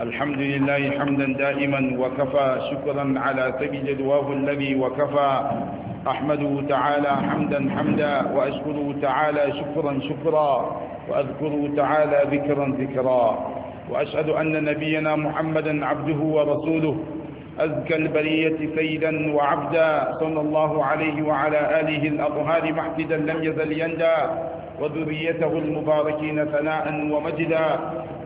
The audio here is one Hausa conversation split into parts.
الحمد لله حمدا دائما وكفى شكرا على سبيل جدواه الذي وكفى أحمده تعالى حمدا حمدا وأشكره تعالى شكرا شكرا وأذكره تعالى ذكرا ذكرا وأشهد أن نبينا محمدا عبده ورسوله أزكى البرية سيدا وعبدا صلى الله عليه وعلى آله الأطهار محتدا لم يزل يندى وذريته المباركين ثناء ومجدا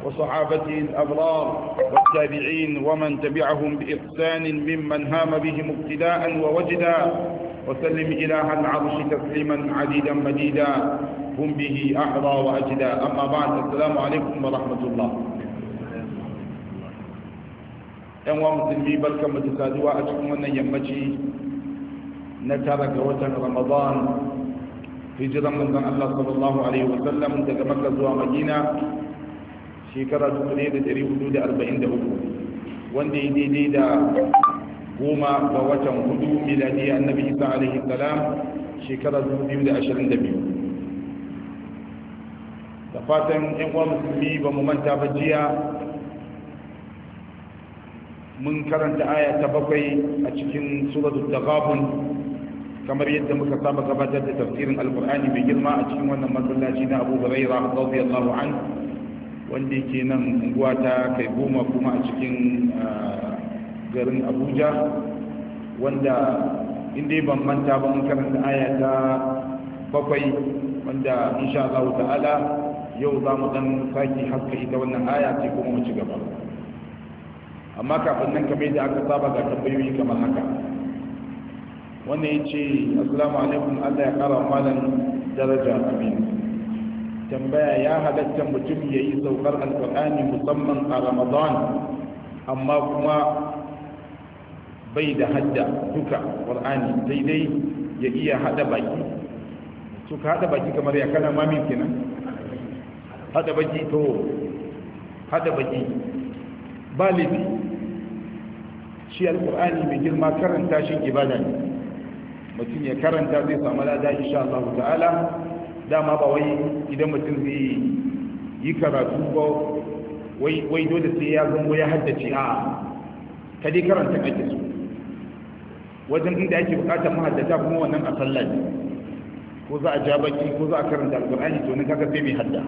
وصحابته الأبرار والتابعين ومن تبعهم بإحسان ممن هام بهم ابتداء ووجدا وسلم إله العرش تسليما عديدا مديدا هم به أحرى وأجدا أما بعد السلام عليكم ورحمة الله ‘yanwa musulmi barkan mu تسالوا saduwa a cikin wannan yammaci na tara ga watan ramadan hijiran manzon Allah sallallahu alaihi wa sallam daga Makka zuwa Madina shekara 1443 wanda ya daidai da goma ga watan hudu miladi annabi Isa alaihi salam shekara 2022 da fatan yan uwa musulmi ba mu manta ba jiya mun karanta aya ta bakwai a cikin suratul taghabun kamar yadda muka saba gabatar da tafsirin alkur'ani mai girma a cikin wannan masallaci na abu huraira radiyallahu an wanda yake nan unguwa ta kai goma kuma a cikin garin abuja wanda inda ban manta ba mun karanta aya ta bakwai wanda insha Allah ta'ala yau za mu dan saki haska ita wannan aya ce kuma mu ci gaba amma kafin nan kamar yadda aka saba ga tambayoyi kamar haka wanda ya ce assalamu alaikum allah ya kara malam daraja amin tambaya ya halatta mutum ya yi saukar alkur'ani musamman a ramadan amma kuma bai da hadda duka ƙur'ani daidai ya iya hada baki su ka hada baki kamar ya kana mamin kenan hada baki to hada baki ba laifi shi alkur'ani mai girma karanta shi ibada ne mutum ya karanta zai samu lada insha Allah ta'ala dama ba wai idan mutum zai yi karatu ba wai wai dole sai ya zango ya haddace a ka dai karanta kake so wajen inda ake bukatar mahaddata kuma wannan a sallah ko za a ja baki ko za a karanta alqur'ani to ne kaga sai mai hadda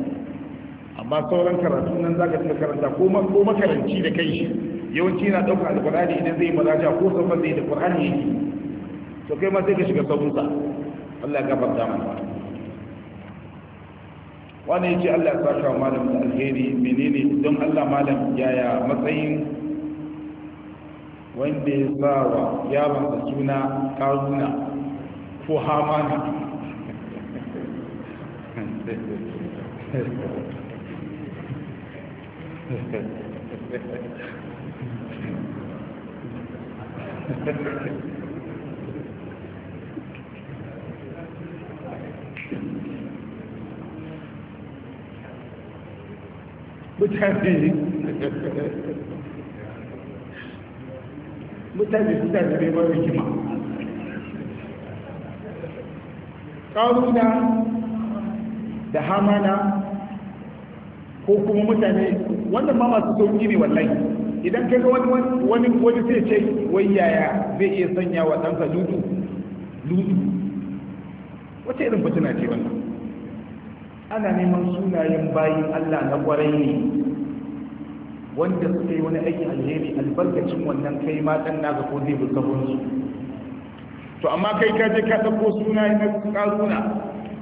amma sauran karatu nan zaka tuka karanta ko ko makaranci da kai shi yawanci yana dauka alqur'ani idan zai muraja ko sauka zai da qur'ani yake to kai ma sai ka shiga sabunsa Allah ya gafarta mana wani ya ce Allah ya saka wa malam da alheri menene don Allah malam yaya matsayin wanda ya sa wa yaron da suna karuna ko hamana Thank you. mutane mutane mutane ne ba hikima ƙaruna da hamana ko kuma mutane wannan ma masu sauƙi ne wallai idan kai wani wani wani sai ce wai yaya zai iya sanya wa ɗansa lutu lutu wace irin fitina ce wannan ana neman sunayen bayin Allah na kwarai ne wanda suka yi wani aikin alheri albarkacin wannan kai ma dan naka ko zai bi su to amma kai ka je ka dauko suna na karuna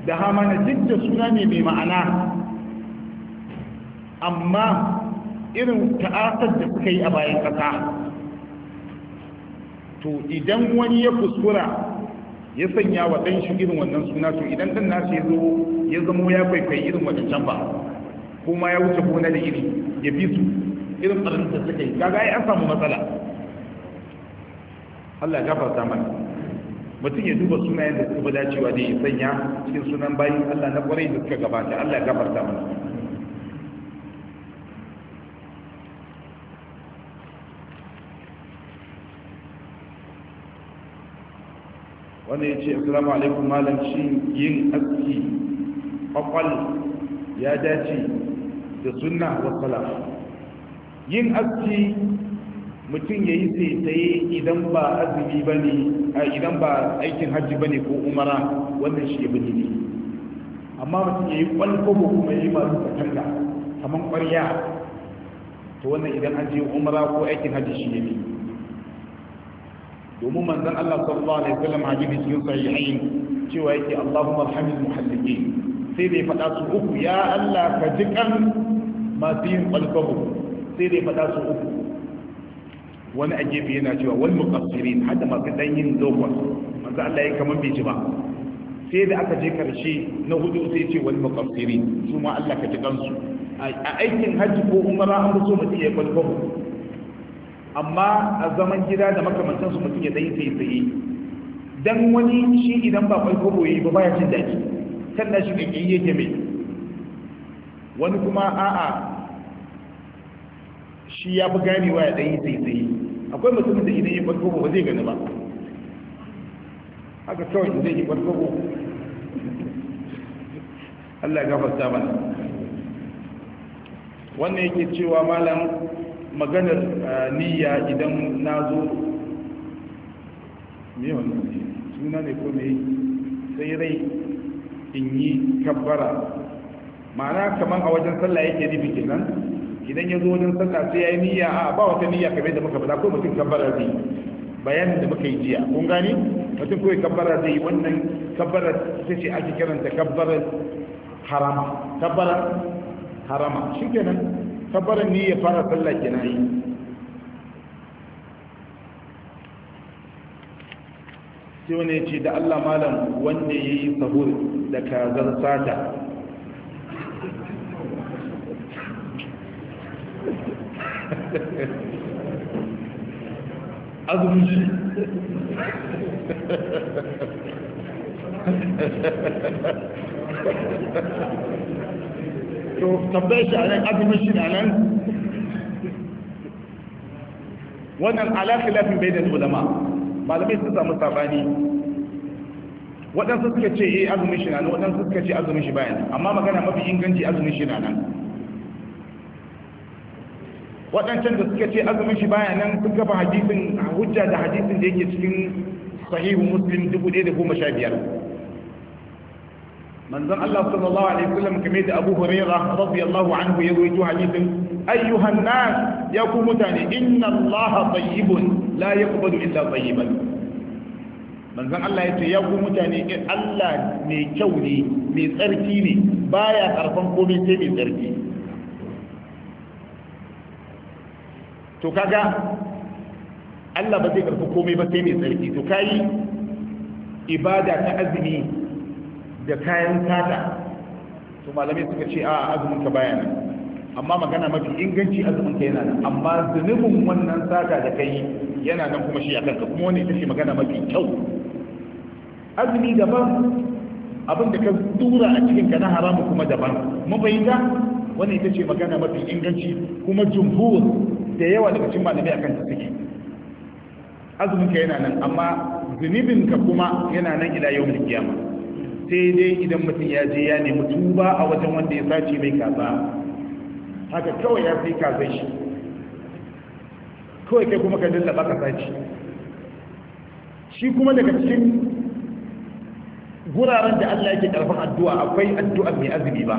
da hamana duk da suna ne mai ma'ana amma irin ta'atar da suka yi a bayan kasa to idan wani ya kuskura ya sanya wa ɗan shi irin wannan suna to idan ɗan nasu ya zo ya zamo ya kwaikwayi irin can ba ko ma ya wuce gona da iri ya bi su irin tsarin da suka yi gaga an samu matsala Allah ya gafarta mana mutum ya duba sunayen da suka dacewa da ya sanya cikin sunan bayi Allah na kwarai da suka gabata Allah ya gafarta mana wanda ya ce assalamu alaikum malam shi yin aski kwakwal ya dace da sunna wa salaf yin aski mutum ya yi tsaye-tsaye idan ba azumi ba ne idan ba aikin hajji ba ne ko umara wannan shi ya ne amma mutum ya yi ko kuma ya yi masu katanga kamar kwarya to wannan idan an je umara ko aikin hajji shi ya ne domin manzon Allah sallallahu alaihi wasallam hadisi cikin sahihain cewa yake Allahumma arhamil muhalliqin sai dai faɗa su uku ya Allah ka ji kan masu yin alkabu sai dai faɗa su uku wani a gefe yana cewa wal muqassirin hada masu dan yin dogon manzo Allah ya kaman bai ji ba sai da aka je karshe na hudu sai ce wal muqassirin su ma Allah ka ji kansu a aikin hajji ko umara an so mutum ya kwalkwabo amma a zaman gida da makamantansu mutum ya dai sai sai dan wani shi idan ba kai kobo yi ba baya jin daɗi kan da shi kake yake mai wani kuma a'a shi ya fi ganewa ya dai sai sai akwai mutumin da idan ya kwai ba zai gani ba haka kawai zai yi kwai Allah ya gafarta mana wannan yake cewa malam maganar ah, niyya idan na zo me wannan suna ne ko me sai rai in yi kabbara ma'ana kamar a wajen sallah yake nufi kenan idan ya zo wajen sallah sai ya yi niyya a ba wata niyya kamar da muka faɗa ko mutum kabbara zai bayanin da muka yi jiya kun gani mutum ko kabbara zai wannan kabbara sai ce ake kiranta kabbara harama kabbara harama shikenan kabbaran ni ya fara sallah kenan yi sai wani ya ce da Allah malam wanda ya yi sahur da kazar sata azumin shi ha ha ha ha to tambaye shi a nan azumin shi na nan wannan alaƙi lafin bai da ulama malamai sun samu sabani waɗansu suka ce eh azumin shi na nan waɗansu suka ce azumin shi bayan amma magana mafi inganci azumin shi na nan waɗancan da suka ce azumin shi bayan nan sun gaba hadisin hujja da hadisin da yake cikin sahihu muslim 1015 manzon Allah sallallahu alaihi wasallam kamar da Abu Hurairah radiyallahu anhu ya rawaito hadisin ayyuhan nas ya ku mutane inna Allah tayyibun la yaqbalu illa tayyiban manzon Allah ya ce ya ku mutane eh, Allah mai kyau ne mai tsarki ne baya karfan komai sai mai tsarki to kaga Allah ba zai karfi komai ba sai mai tsarki to kai ibada ta azumi da kayan kata, to malamai suka ce a azumin ka baya nan amma magana mafi inganci azumin ka yana nan amma zunubin wannan sata da kai yana nan kuma shi a kanka kuma wani ita ce magana mafi kyau azumi daban abin da ka dura a cikin ka na haramu kuma daban mun fahimta wani ita ce magana mafi inganci kuma jumhur da yawa daga cikin malamai akan ta suke azumin ka yana nan amma zunubin ka kuma yana nan ila yau kiyama sai dai idan mutum ya je ya nemi tuba a wajen wanda ya sace mai kaza haka kawai ya fi kaza shi kawai kai kuma ka lallaba ka sace shi kuma daga cikin guraren da Allah yake karfin addu'a akwai addu'a mai azumi ba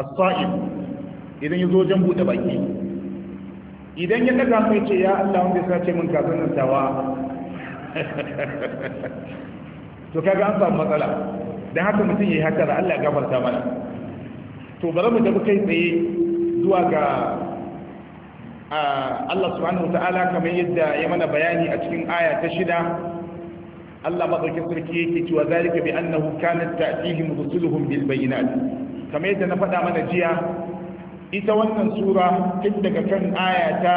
as-sa'im idan ya zo Jan bude baki idan ya daga mai ce ya Allah wanda ya sace min kafin nan tawa to kaga an samu matsala dan haka mutum yayi haka da Allah ya gafarta mana to bari mu tafi kai tsaye zuwa ga Allah subhanahu wataala kamar yadda ya mana bayani a cikin aya ta shida Allah madaukakin sarki yake cewa zalika bi annahu kanat ta'tihim rusuluhum bil bayyinat kamar yadda na faɗa mana jiya ita wannan sura tun daga kan aya ta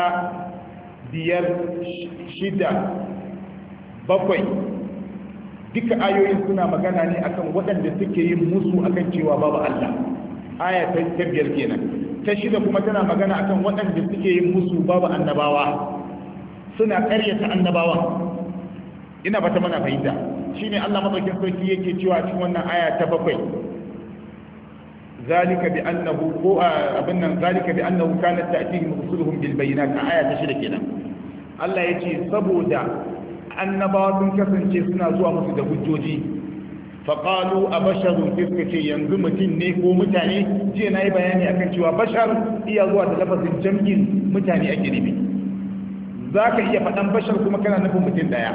biyar shida bakwai duka ayoyin suna magana ne akan waɗanda suke yin musu akan cewa babu Allah aya ta biyar kenan ta shida kuma tana magana akan waɗanda suke yin musu babu annabawa suna ƙaryata annabawa ina ba ta mana fahimta shine Allah madaukin sarki yake cewa cikin wannan aya ta bakwai zalika bi annahu ko abin nan zalika bi annahu kanat ta'tihim rusuluhum bil bayyinat aya ta shida kenan Allah yace saboda annabawa sun kasance suna zuwa musu da hujjoji faƙalu a basharun suka ce yanzu mutum ne ko mutane jiya na yi bayani akan cewa bashar iya zuwa da lafazin jam'in mutane ake nufi za ka iya faɗan bashar kuma kana nufin mutum ɗaya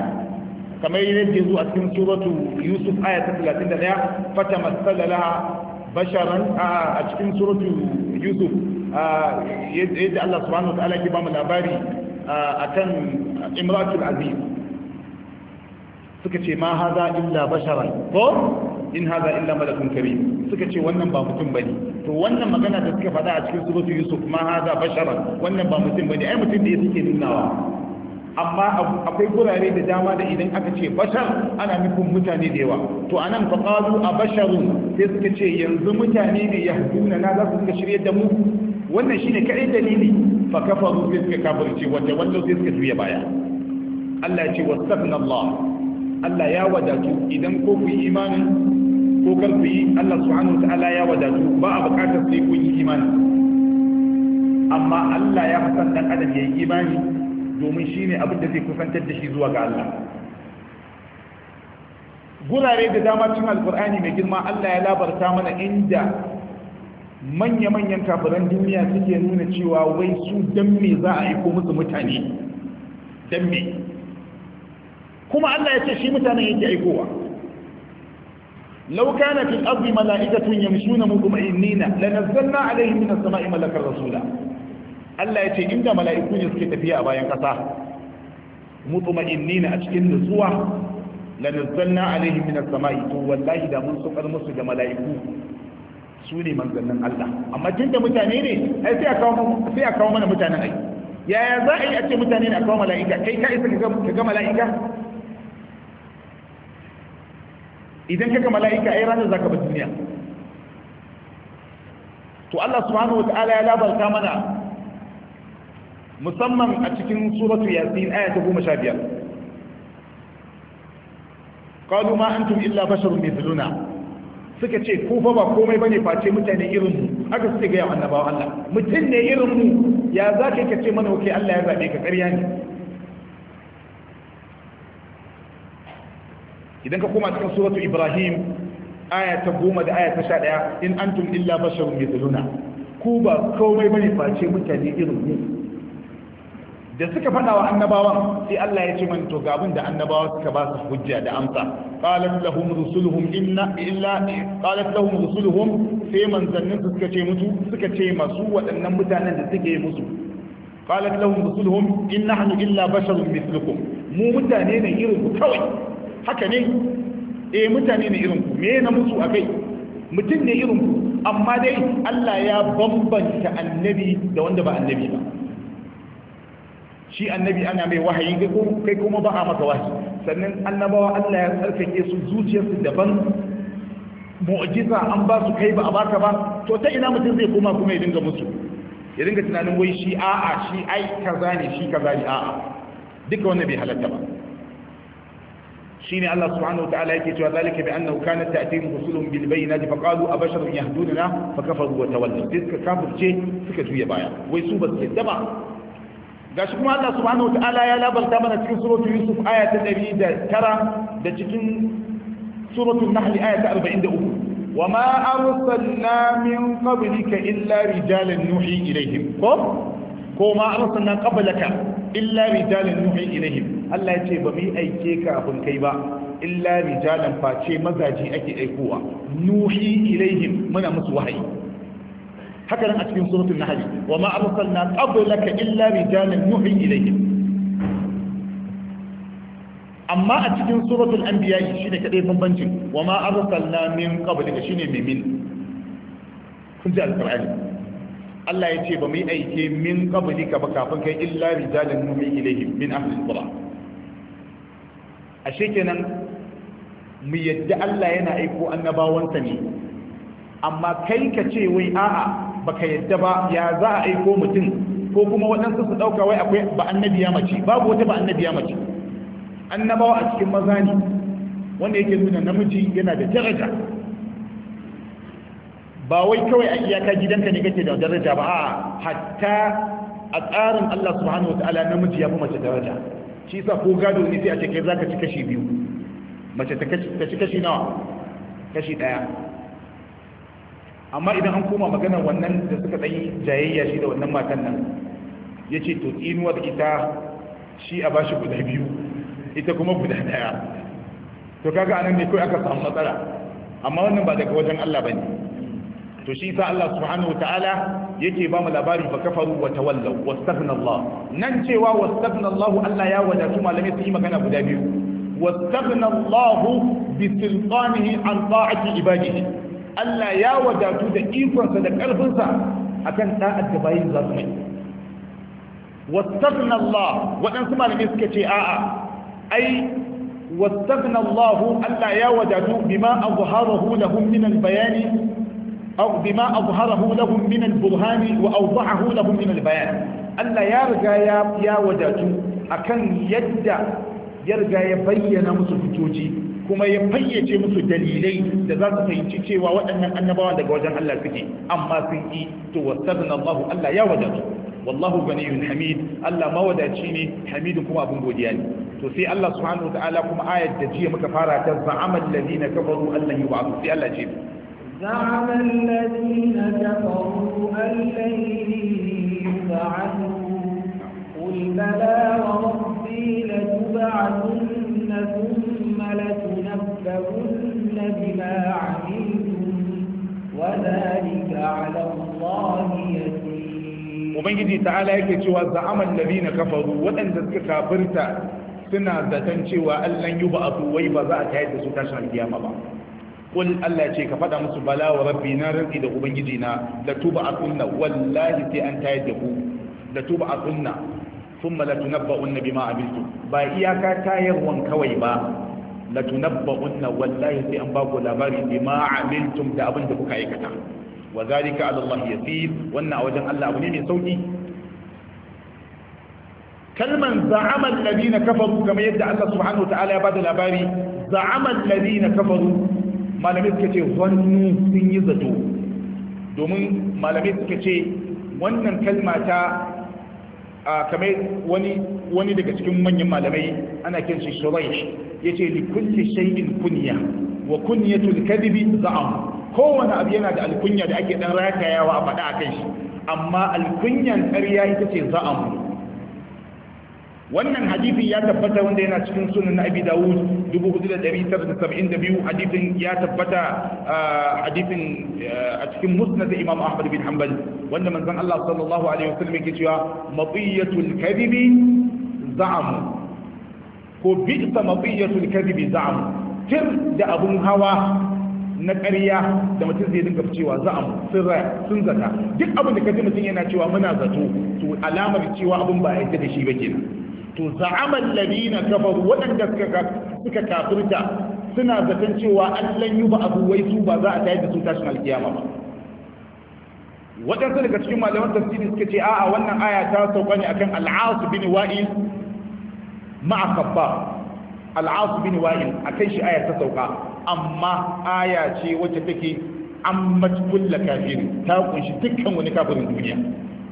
kamar yadda ya a cikin suratu yusuf aya ta ɗaya, fata masala laha basharan a cikin suratu yusuf yadda Allah subhanahu wa ta'ala ke ba mu labari kan imratul aziz suka ce ma haza illa basharan ko in haza illa malakun karim suka ce wannan ba mutum bane to wannan magana da suka faɗa a cikin suratul yusuf ma haza basharan wannan ba mutum bane ai mutum da ya suke nunawa amma akwai gurare da dama da idan aka ce bashar ana nufin mutane da yawa to anan fa qalu a basharun sai suka ce yanzu mutane ne yahduna na za su suka shirye da mu wannan shine kai dalili fa kafaru sai suka kafirce wanda wanda sai suka juya baya Allah ya ce wastaghna Allah Allah ya wadatu idan ko ku yi imanin ko kar ku yi Allah subhanahu ta'ala ya wadatu ba a bukatar sai ku yi imani amma Allah ya fasan dan adam ya yi imani domin shine abin da zai kusantar da shi zuwa ga Allah gurare da dama cikin alkur'ani mai girma Allah ya labarta mana inda manya-manyan kafiran duniya suke nuna cewa wai su dan me za a aiko musu mutane dan me kuma Allah ya ce shi mutanen yake aikowa law kana fil ardi mala'ikatun yamshuna mutma'innina lanazzalna alaihim minas sama'i malakar rasula Allah ya ce inda mala'iku ne suke tafiya a bayan kasa mutma'innina a cikin nutsuwa lanazzalna alaihim minas sama'i to wallahi da mun sukar musu da mala'iku su ne manzannin Allah amma tunda mutane ne ai sai a kawo sai a kawo mana mutanen ai yaya za a yi a ce mutane a kawo mala'ika kai ka isa ka ga mala'ika idan kaka mala'ika ai ranar zaka ba duniya to Allah subhanahu wata'ala ya labarta mana musamman a cikin suratu yasin aya ta goma sha biyar qalu ma antum illa basharun mithluna suka ce ko ba komai bane face mutane irin mu suke ga annabawa Allah mutum ne irin mu ya zaka kace mana okay Allah ya zabe ka ƙarya ne idan ka koma cikin suratu ibrahim aya ta goma da aya ta sha ɗaya in antum illa basharun mithluna ku ba komai bane face mutane irin mu da suka faɗa wa annabawan sai Allah ya ce man to gabin da annabawa suka ba su hujja da amsa qalat lahum rusuluhum inna illa qalat lahum rusuluhum sai manzannin su suka ce musu suka ce masu waɗannan mutanen da suke musu qalat lahum rusuluhum in nahnu illa basharun mithlukum mu mutane ne irin ku kawai haka ne eh mutane ne irin ku me na musu akai mutum ne irin ku amma dai Allah ya bambanta annabi da wanda ba annabi ba shi annabi ana mai wahayi kai kuma ba a maka wahayi sannan annabawa Allah ya tsarkake su zuciyarsu daban mu'jiza an ba su kai ba a baka ba to ta ina mutum zai koma kuma ya dinga musu ya dinga tunanin wai shi a'a shi ai kaza ne shi kaza ne a'a duka wannan bai halatta ba shine Allah subhanahu wataala yake cewa zalika bi annahu kanat ta'tihim rusulun bil bayyinati fa qalu abasharun yahdununa fa kafaru wa tawallu suka kafirce suka juya baya wai su ba su yadda ba gashi kuma Allah subhanahu wataala ya labarta mana cikin suratul yusuf aya ta 109 da cikin suratul nahl aya ta 43 وما أرسلنا من قبلك إلا رجالا نوحي إليهم كما أرسلنا قبلك إلا رجالا نوحي إليهم Allah ya ce ba mu yi aike kafin kai ba illa rijalan face mazaji ake aikowa nuhi ilaihim muna musu wahayi haka nan a cikin suratul nahl wa ma arsalna qablaka illa rijalan nuhi ilaihim amma a cikin suratul anbiya shine kadai bambancin wa ma arsalna min qablika shine mimin kun ji alqur'ani Allah ya ce ba mu yi aike min qablika ba kafin kai illa rijalan nuhi ilaihim min ahli al-qura ashe kenan mu yadda Allah yana aiko annabawansa ne amma kai ka ce wai a'a baka yadda ba ya za a aiko mutum ko kuma waɗansu su ɗauka wai akwai ba annabiya mace babu wata ba annabiya mace annabawa a cikin maza ne wanda yake nuna namiji yana da daraja ba wai kawai a iyaka gidanka ne kake da daraja ba a hatta a tsarin Allah subhanahu wa ta'ala namiji ya fi mace daraja shi sa ko gado ne sai a cikin za ka ci kashi biyu mace ta ci kashi nawa kashi ɗaya amma idan an koma magana wannan da suka ɗanyi jayayya shi da wannan matan nan ya ce to tsinuwar ita shi a bashi guda biyu ita kuma guda ɗaya to kaga anan ne kawai aka samu matsala amma wannan ba daga wajen Allah ba ne to shi sa Allah subhanahu wa ta'ala yake ba mu labari fa kafaru wa tawallaw wastaghna Allah nan cewa wastaghna Allah Allah ya wadatu malamai su yi magana guda biyu wastaghna Allah bi sultanihi an ta'ati ibadihi Allah ya wadatu da ikonsa da karfinsa akan da'at da bayin za su mai wastaghna Allah waɗansu malamai suka ce a'a ai Allah واستغنى الله ألا يودد بما أظهره لهم من bayani. أو بما أظهره لهم من البرهان وأوضعه لهم من البيان ألا يرجى يا يا وداتو أكن ya يرجى يبين مسفتوجي kuma ya fayyace musu dalilai da za su fahimci cewa waɗannan annabawa daga wajen Allah suke amma sun yi to wasarna Allah Allah ya wadatu wallahu ganiyun hamid Allah mawadaci ne hamidun kuma abin ne to sai Allah subhanahu wa ta'ala kuma ayat da jiya muka fara ta za'amal ladina kafaru Allah yub'athu sai Allah ce زعم الذين كفروا أن لن يبعثوا قل بلى وربي لتبعثن ثم لتنبؤن بما عملتم وذلك على الله يسير وبنجي تعالى yake cewa za'aman ladina kafaru waɗanda suka kafirta suna zaton cewa Allah yuba abu wai ba za a tayar da su tashin alkiyama ba kul Allah ce ka faɗa musu bala wa rabbi na rantsi da ubangiji na la tuba akunna wallahi sai an tayar da ku la tuba ba iyaka tayarwan kawai ba la tunabba'unna wallahi sai an ba ku labari bima amiltum da abin da kuka aikata wa zalika yasir wannan a wajen Allah abu ne mai sauki kalman za'ama alladhina kafaru kamar yadda Allah subhanahu wa ta'ala ya bada labari za'ama alladhina kafaru malamai suka ce zannu sun yi zato domin malamai suka ce wannan kalma ta a wani wani daga cikin manyan malamai ana kiran shi shuraish yace li kulli shay'in kunya wa kunyatul kadhibi za'am kowane abu yana da alkunya da ake dan ratayawa a faɗa akan shi amma alkunyan ƙarya ita ce za'am wannan hadithin ya tabbata wanda yana cikin sunan na abi dawud 4972 hadithin ya tabbata hadithin a cikin musnad imam ahmad bin hanbal wanda manzon Allah sallallahu alaihi wasallam yake cewa matiyatul kadhibi za'am ko bi'sa matiyatul kadhibi za'am tir da abun hawa na ƙarya da mutum zai dinga cewa za sun zata duk abin da ka ji mutum yana cewa muna zato to alamar cewa abin ba ya yadda da shi ba kenan to za'amal ladina kafaru waɗanda suka kafirta suna zaton cewa allan yuba abu wai su ba za a tayar da su tashin alkiyama ba waɗansu daga cikin malaman tafsiri suka ce a'a wannan aya ta sauka ne akan al'asu bin wa'il ma'a kabba al'asu bin wa'il akan shi aya ta sauka amma aya ce wacce take an matkulla kafiri ta kunshi dukkan wani kafirin duniya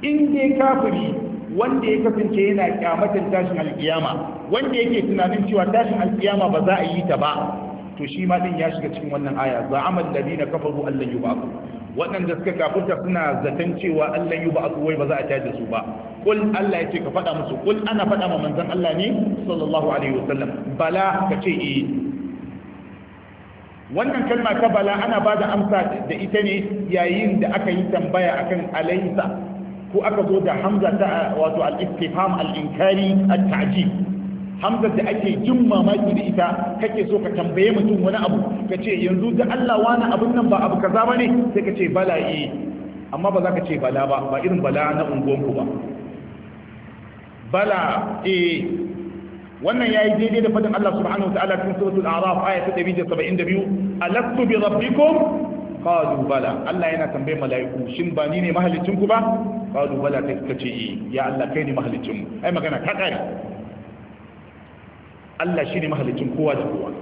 in dai kafiri wanda ya kasance yana kyamatin tashin alkiyama wanda yake tunanin cewa tashin alkiyama ba za a yi ta ba to shi ma din ya shiga cikin wannan aya za amal ladina kafaru allan yub'athu waɗanda suka kafurta suna zaton cewa allan yub'athu wai ba za a tashi su ba kul Allah yace ka faɗa musu kul ana faɗa ma manzon Allah ne sallallahu alaihi wasallam bala ka ce eh wannan kalma ta bala ana ba da amsa da ita ne yayin da aka yi tambaya akan alaisa ko aka zo da hamza ta wato al-istifham al-inkari at-ta'jib hamza da ake jin mamaki da ita kake so ka tambaye mutum wani abu Ka ce yanzu da Allah wani abun nan ba abu kaza bane sai ka ce bala eh amma ba za ka ce bala ba ba irin bala na unguwanku ba bala eh wannan yayi daidai da fadin Allah subhanahu wa ta'ala cikin suratul a'raf aya ta 172 alastu bi rabbikum qalu bala Allah yana tambaye mala'iku shin ba ni ne mahallicin ku ba qalu bala kai suka ce eh, ya Allah kai ne mahallicin ai magana ta kare Allah kowa da kowa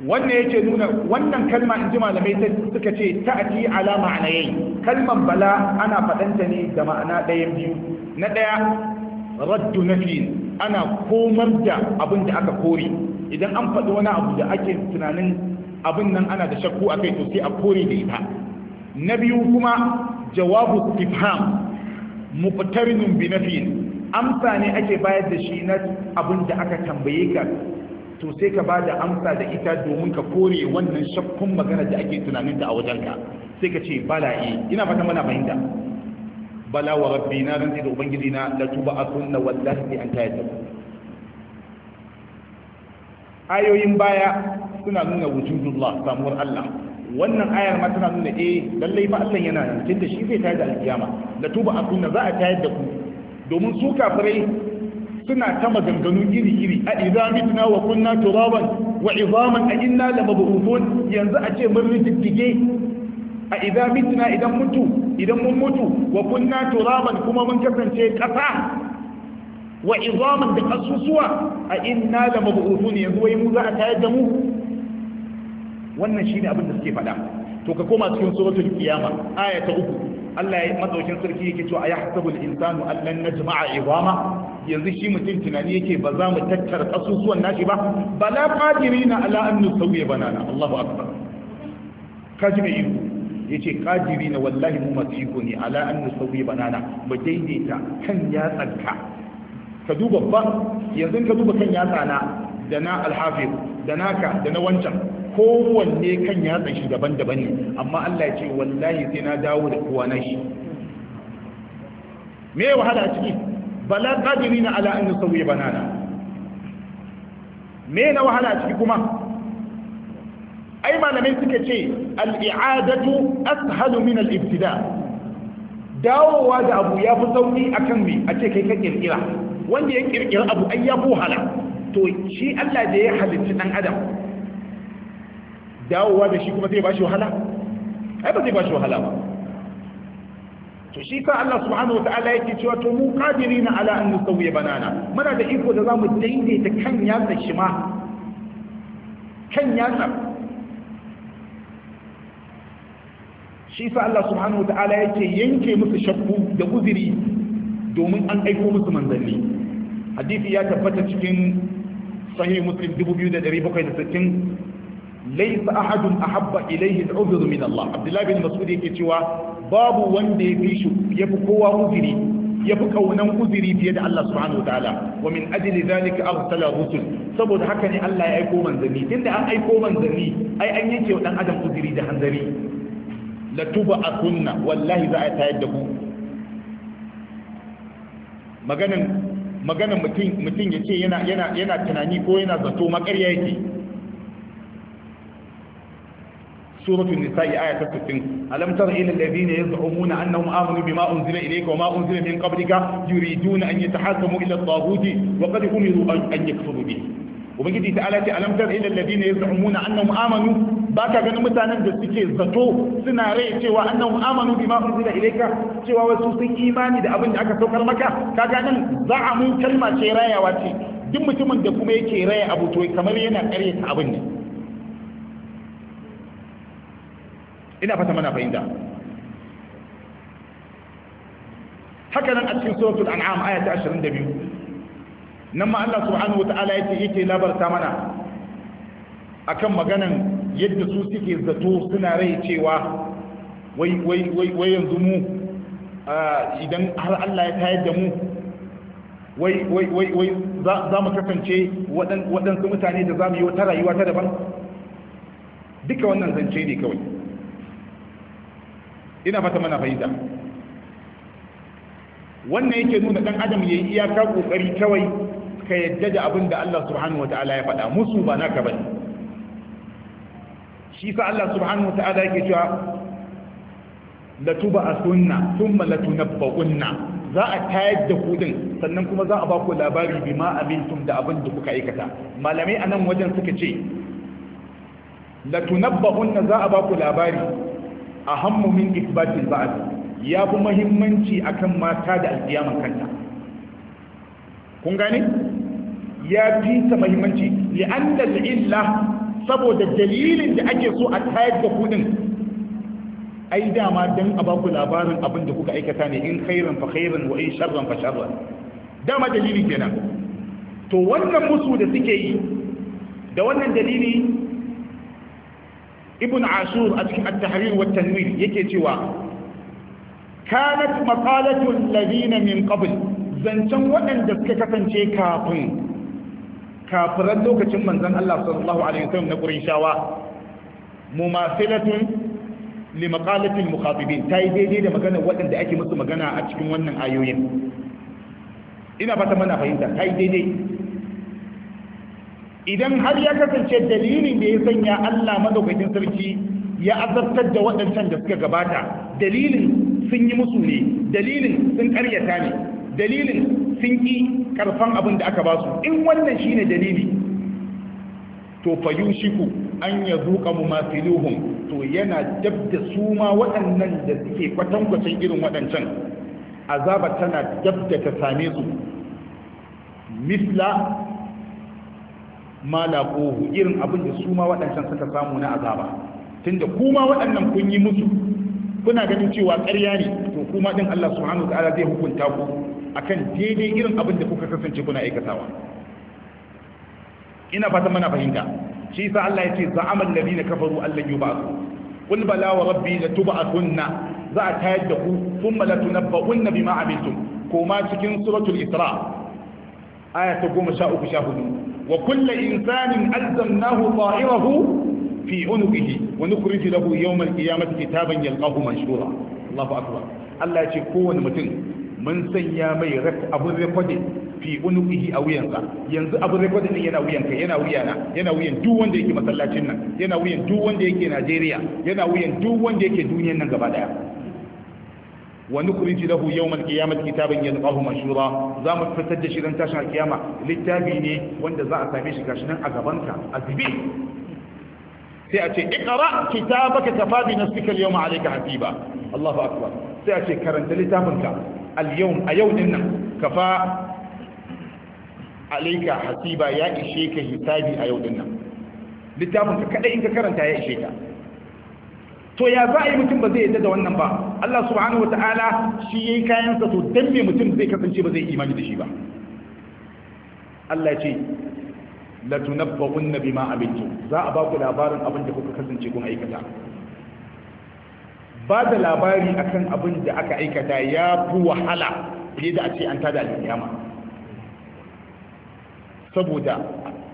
wannan yake nuna wannan kalma in ji malamai suka ce ta'ati ala ma'anayi kalman bala ana faɗanta ne da ma'ana ɗayan biyu na ɗaya raddu nafi ana komar da abin da aka kore idan an faɗi wani abu da ake tunanin abin nan ana da shakku a kai to sai a kore da ita na biyu kuma jawabu istifham muqtarinun bi nafiyin amsa ne ake bayar da shi na abin da aka tambaye ka to sai ka ba da amsa da ita domin ka kore wannan shakkun magana da ake tunanin ta a ka, sai ka ce bala'i ina fata mana fahimta bala wa rabbi na rantsi da ubangiji na la tuba asunna wallahi an ta yadda ayoyin baya suna nuna wujudullah samuwar Allah wannan ayar ma tana nuna eh lallai fa Allah yana nan tunda shi zai tayar da alkiyama la tuba a kunna za a tayar da ku domin su kafirai suna ta maganganu iri-iri a idza mitna wa kunna turaban wa izaman a inna la mab'uthun yanzu a ce mun riddige a idza mitna idan mutu idan mun mutu wa kunna turaban kuma mun kasance kasa wa izaman da kasusuwa a inna la mab'uthun yanzu wai mu za a tayar da mu wannan shine abin da suke faɗa to ka koma cikin suratul qiyama aya ta uku Allah ya madaukin sarki yake cewa ayahsabul insanu allan najma'a idama yanzu shi mutum tunani yake ba za mu tattara kasusuwan nashi ba bala qadirina ala an nusawwi banana Allahu akbar kaji mai iko yace qadirina wallahi mu masiko ne ala an nusawwi banana mu daidaita kan yatsanka ka duba ba yanzu ka duba kan na. da na alhafiz da naka da na wancan kowanne kan yatsan shi daban-daban ne amma Allah ya ce wallahi sai na dawo da kowa na shi me ya wahala a ciki bala qadirin ala an nusawi banana me na wahala a ciki kuma ai malamai suka ce al-i'adatu ashalu min al-ibtida dawowa da abu ya fi sauki akan me a ce kai ka kirkira wanda ya kirkira abu ai ya fi wahala to shi Allah da ya halitta dan adam dawowa da shi kuma zai ba shi wahala ai ba zai ba shi wahala ba to shi ka Allah subhanahu wa ta'ala yake cewa to mu qadirina ala an nusawwi banana muna da iko da zamu daidaita kan yatsa shi ma kan yatsa shi sa Allah subhanahu wa ta'ala yake yanke musu shakku da uzuri domin an aiko musu manzanni hadisi ya tabbata cikin sahih muslim 2760 laysa ahadun ahabba ilayhi al'udhru min Allah Abdullah bin Mas'ud yake cewa babu wanda ya kowa uzuri yafi kaunan uzuri fiye da Allah subhanahu wa ta'ala wa min ajli zalika arsala rusul saboda haka ne Allah ya aiko manzanni da an aiko manzanni ai an yanke wa dan adam uzuri da hanzari la tuba akunna wallahi za a tayar da ku maganan magana mutum mutum ya ce yana yana yana tunani ko yana zato makarya yake suratul nisa'i aya ta 60 alam tara ila alladhina yaz'umuna annahum amanu bima unzila ilayka wama unzila min qablika yuriduna an yatahakamu ila at-taghuti wa qad umiru an yakfuru bihi ubangiji ta alati alam tara ila alladhina yaz'umuna annahum amanu ba ka ganin mutanen da suke zato suna rai cewa annahum amanu bima unzila ilayka cewa wasu sun imani da abin da aka saukar maka kaga nan mun kalma ce rayawa ce duk mutumin da kuma yake raya abu to kamar yana karyata abin ne ina fata mana fahimta haka nan a cikin suratul an'am aya ta 22 nan ma Allah subhanahu wata'ala yake yake labarta mana akan maganan yadda su suke zato suna rai cewa wai yanzu mu idan har Allah ya tayar da mu wai za mu kasance waɗansu mutane da za mu yi wata rayuwa ta daban duka wannan zance ne kawai ina fata mana fahimta wannan yake nuna ɗan adam ya yi iyaka ƙoƙari kawai ka yadda da abin da Allah subhanahu wa ta'ala ya faɗa musu ba naka bane shi sa Allah subhanahu wa ta'ala yake cewa la tuba'asunna thumma la za a tayar da kudin sannan kuma za a ba ku labari bima amintum da abin da kuka aikata malamai a nan wajen suka ce la tunabba'unna za a ba ku labari a hammu min isbatil ba'd ya fi muhimmanci akan mata da alkiyaman kanta kun gane ya fi ta muhimmanci li'anna al-illa saboda dalilin da ake so a tayar da kudin ai dama don a baku labarin abin da kuka aikata ne in khairan fa khairan wa in sharran fa sharran dama dalili kenan to wannan musu da suke yi da wannan dalili ibn ashur a cikin at-tahrir wa tanwir yake cewa kanat maqalatu alladhina min qabl zancan waɗanda suka kasance kafin kafiran lokacin manzan Allah sallallahu alaihi wasallam na Qurayshawa mumasilatun li maqalatil mukhatibin tayi daidai da magana waɗanda ake musu magana a cikin wannan ayoyin ina fata mana fahimta yi daidai idan har ya kasance dalilin da ya sanya Allah madaukakin sarki ya azabtar da waɗancan da suka gabata dalilin sun yi musu ne dalilin sun ƙaryata ne dalilin sun ki karfan abin da aka ba su in wannan shine dalili to ku. an ya zuƙa mu masiluhum to yana dab da su ma waɗannan da suke kwatankwacin irin waɗancan azaba tana dab da ta same su misla ma laƙohu irin abin da su ma waɗancan suka samu na azaba tunda kuma waɗannan kun yi musu kuna ganin cewa ƙarya ne to kuma ɗin Allah subhanahu wa ta'ala zai hukunta ku akan daidai irin abin da kuka kasance kuna aikatawa ina fatan mana fahimta shi yasa Allah ya ce za'ama alladhina kafaru allan yub'athu qul bala wa rabbi latub'athunna za a tayar da ku thumma latunabba'unna bima amiltum koma cikin suratul isra aya ta 13 14 wa kullu insanin alzamnahu ta'irahu في عنقه ونخرج له يوم القيامة كتابا يلقاه منشورا الله أكبر الله kowanne mutum. mun sanya mai abun rekodin fi unuqihi a wuyansa yanzu abun rekodin din yana wuyanka yana wuyana yana wuyan duk wanda yake masallacin nan yana wuyan duk wanda yake Najeriya yana wuyan duk wanda yake duniyar nan gaba daya wa nukhrij lahu yawm al-qiyamati kitaban yalqahu mashura za mu fitar da shi ran tashin al littafi ne wanda za a same shi gashi nan a gabanka azibi sai a ce ikra kitabaka kafa bi nafsika al-yawma alayka hasiba Allahu akbar sai a ce karanta littafinka al a yau din nan kafa alayka hasiba ya ishe ka hisabi a yau din nan littafin ka kadai in ka karanta ya ishe ka to ya za a yi mutum ba zai yadda da wannan ba Allah subhanahu wataala shi yayi kayan sa to dan me mutum zai kasance ba zai imani da shi ba Allah ce la tunabbahunna bima abitu za a ba ku labarin abin da kuka kasance kun aikata ba da labari akan abin da aka aikata ya fi wahala fiye da a ce an tada alkiyama saboda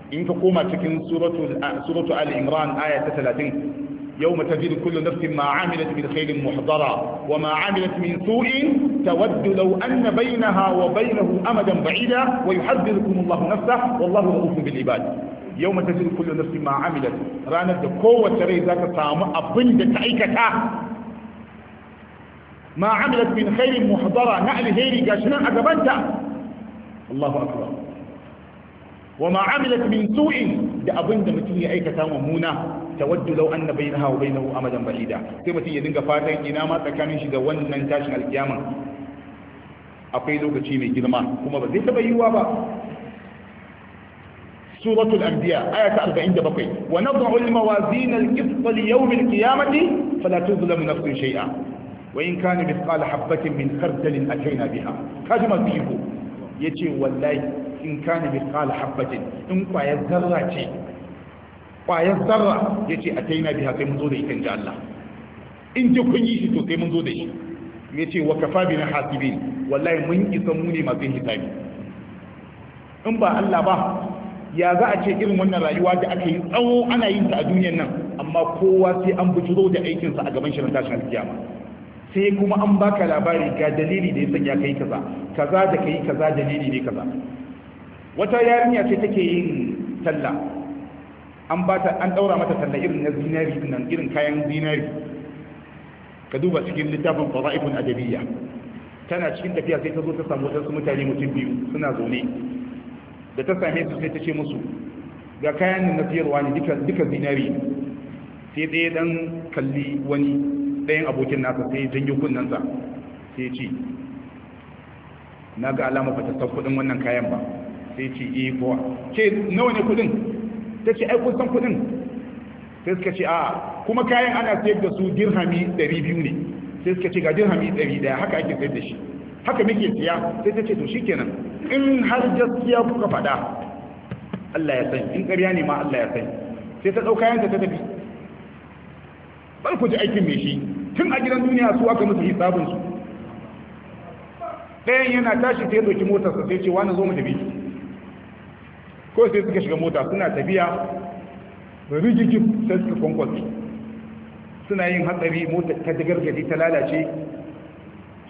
in ka koma cikin suratu al-imran aya ta 30 yawma tajidu kullu nafsin ma 'amilat min khairin muhdara wa ma 'amilat min su'in tawaddu law anna bainaha wa bainahu amadan ba'ida wa yuhadzirukum Allahu nafsahu wallahu ra'ufun bil ibad yau mata shi kullum nafsin ma amilat ranar da kowace rai za ta samu abin da ta aikata ما عملت من خير محضرة نعل هيري قاشنا عجبانتا الله أكبر وما عملت من سوء لأبن دمتني أي كتام أمونا تود لو أن بينها وبينه أمدا بعيدا كيف تيجي دنقى فاتين جناما تكامنش دوان ننتاشنا الكياما أقيدوا بشيمي جنما كما بذي سبيوا سورة الأنبياء آية 40 ونضع الموازين القسط ليوم القيامة فلا تظلم نفس شيئا wa in kana mithqala habatin min khardalin ataina biha kaji masu iko yace wallahi in kana mithqala habatin in kwayar zarra ce kwayar zarra yace ataina biha sai mun zo da ita inji Allah in ji kun yi shi to mun zo da shi yace wa kafa bina hasibin wallahi mun isa mu ne masu hisabi in ba Allah ba ya za a ce irin wannan rayuwa da aka yi tsawo ana yin ta a duniyar nan amma kowa sai an bujiro da aikinsa a gaban shirin tashin sai kuma an baka labari ga dalili da ya sanya kai kaza kaza da kai kaza dalili ne kaza wata yarinya ce take yin talla an ba an daura mata talla irin na zinari nan irin kayan zinari ka duba cikin littafin a adabiyya tana cikin tafiya sai ta zo ta samu wadansu mutane mutum biyu suna zaune da ta same su sai ta ce musu ga kayan na siyarwa ne duka zinari sai ɗaya dan kalli wani ɗayan abokin nasa sai ya janyo kunnensa sai ya ce na ga alama ba ta san kuɗin wannan kayan ba sai ce iya kowa ce nawa ne kuɗin ta ce ai kun san kuɗin sai suka ce a kuma kayan ana sayar da su dirhami biyu ne sai suka ce ga dirhami ɗaya haka ake sayar da shi haka muke siya sai ta ce to shi kenan. in har gaskiya kuka faɗa Allah ya sani in ƙarya ne ma Allah ya sani sai ta ɗau kayan ta tafi bar ku ji aikin me shi tun a gidan duniya su aka musu hisabin su ɗayan yana tashi sai doki motarsa sai ce wani zo mu tafi ko sai suka shiga mota suna tafiya rigijin sai suka kwankwas suna yin hatsari mota ta gari ta lalace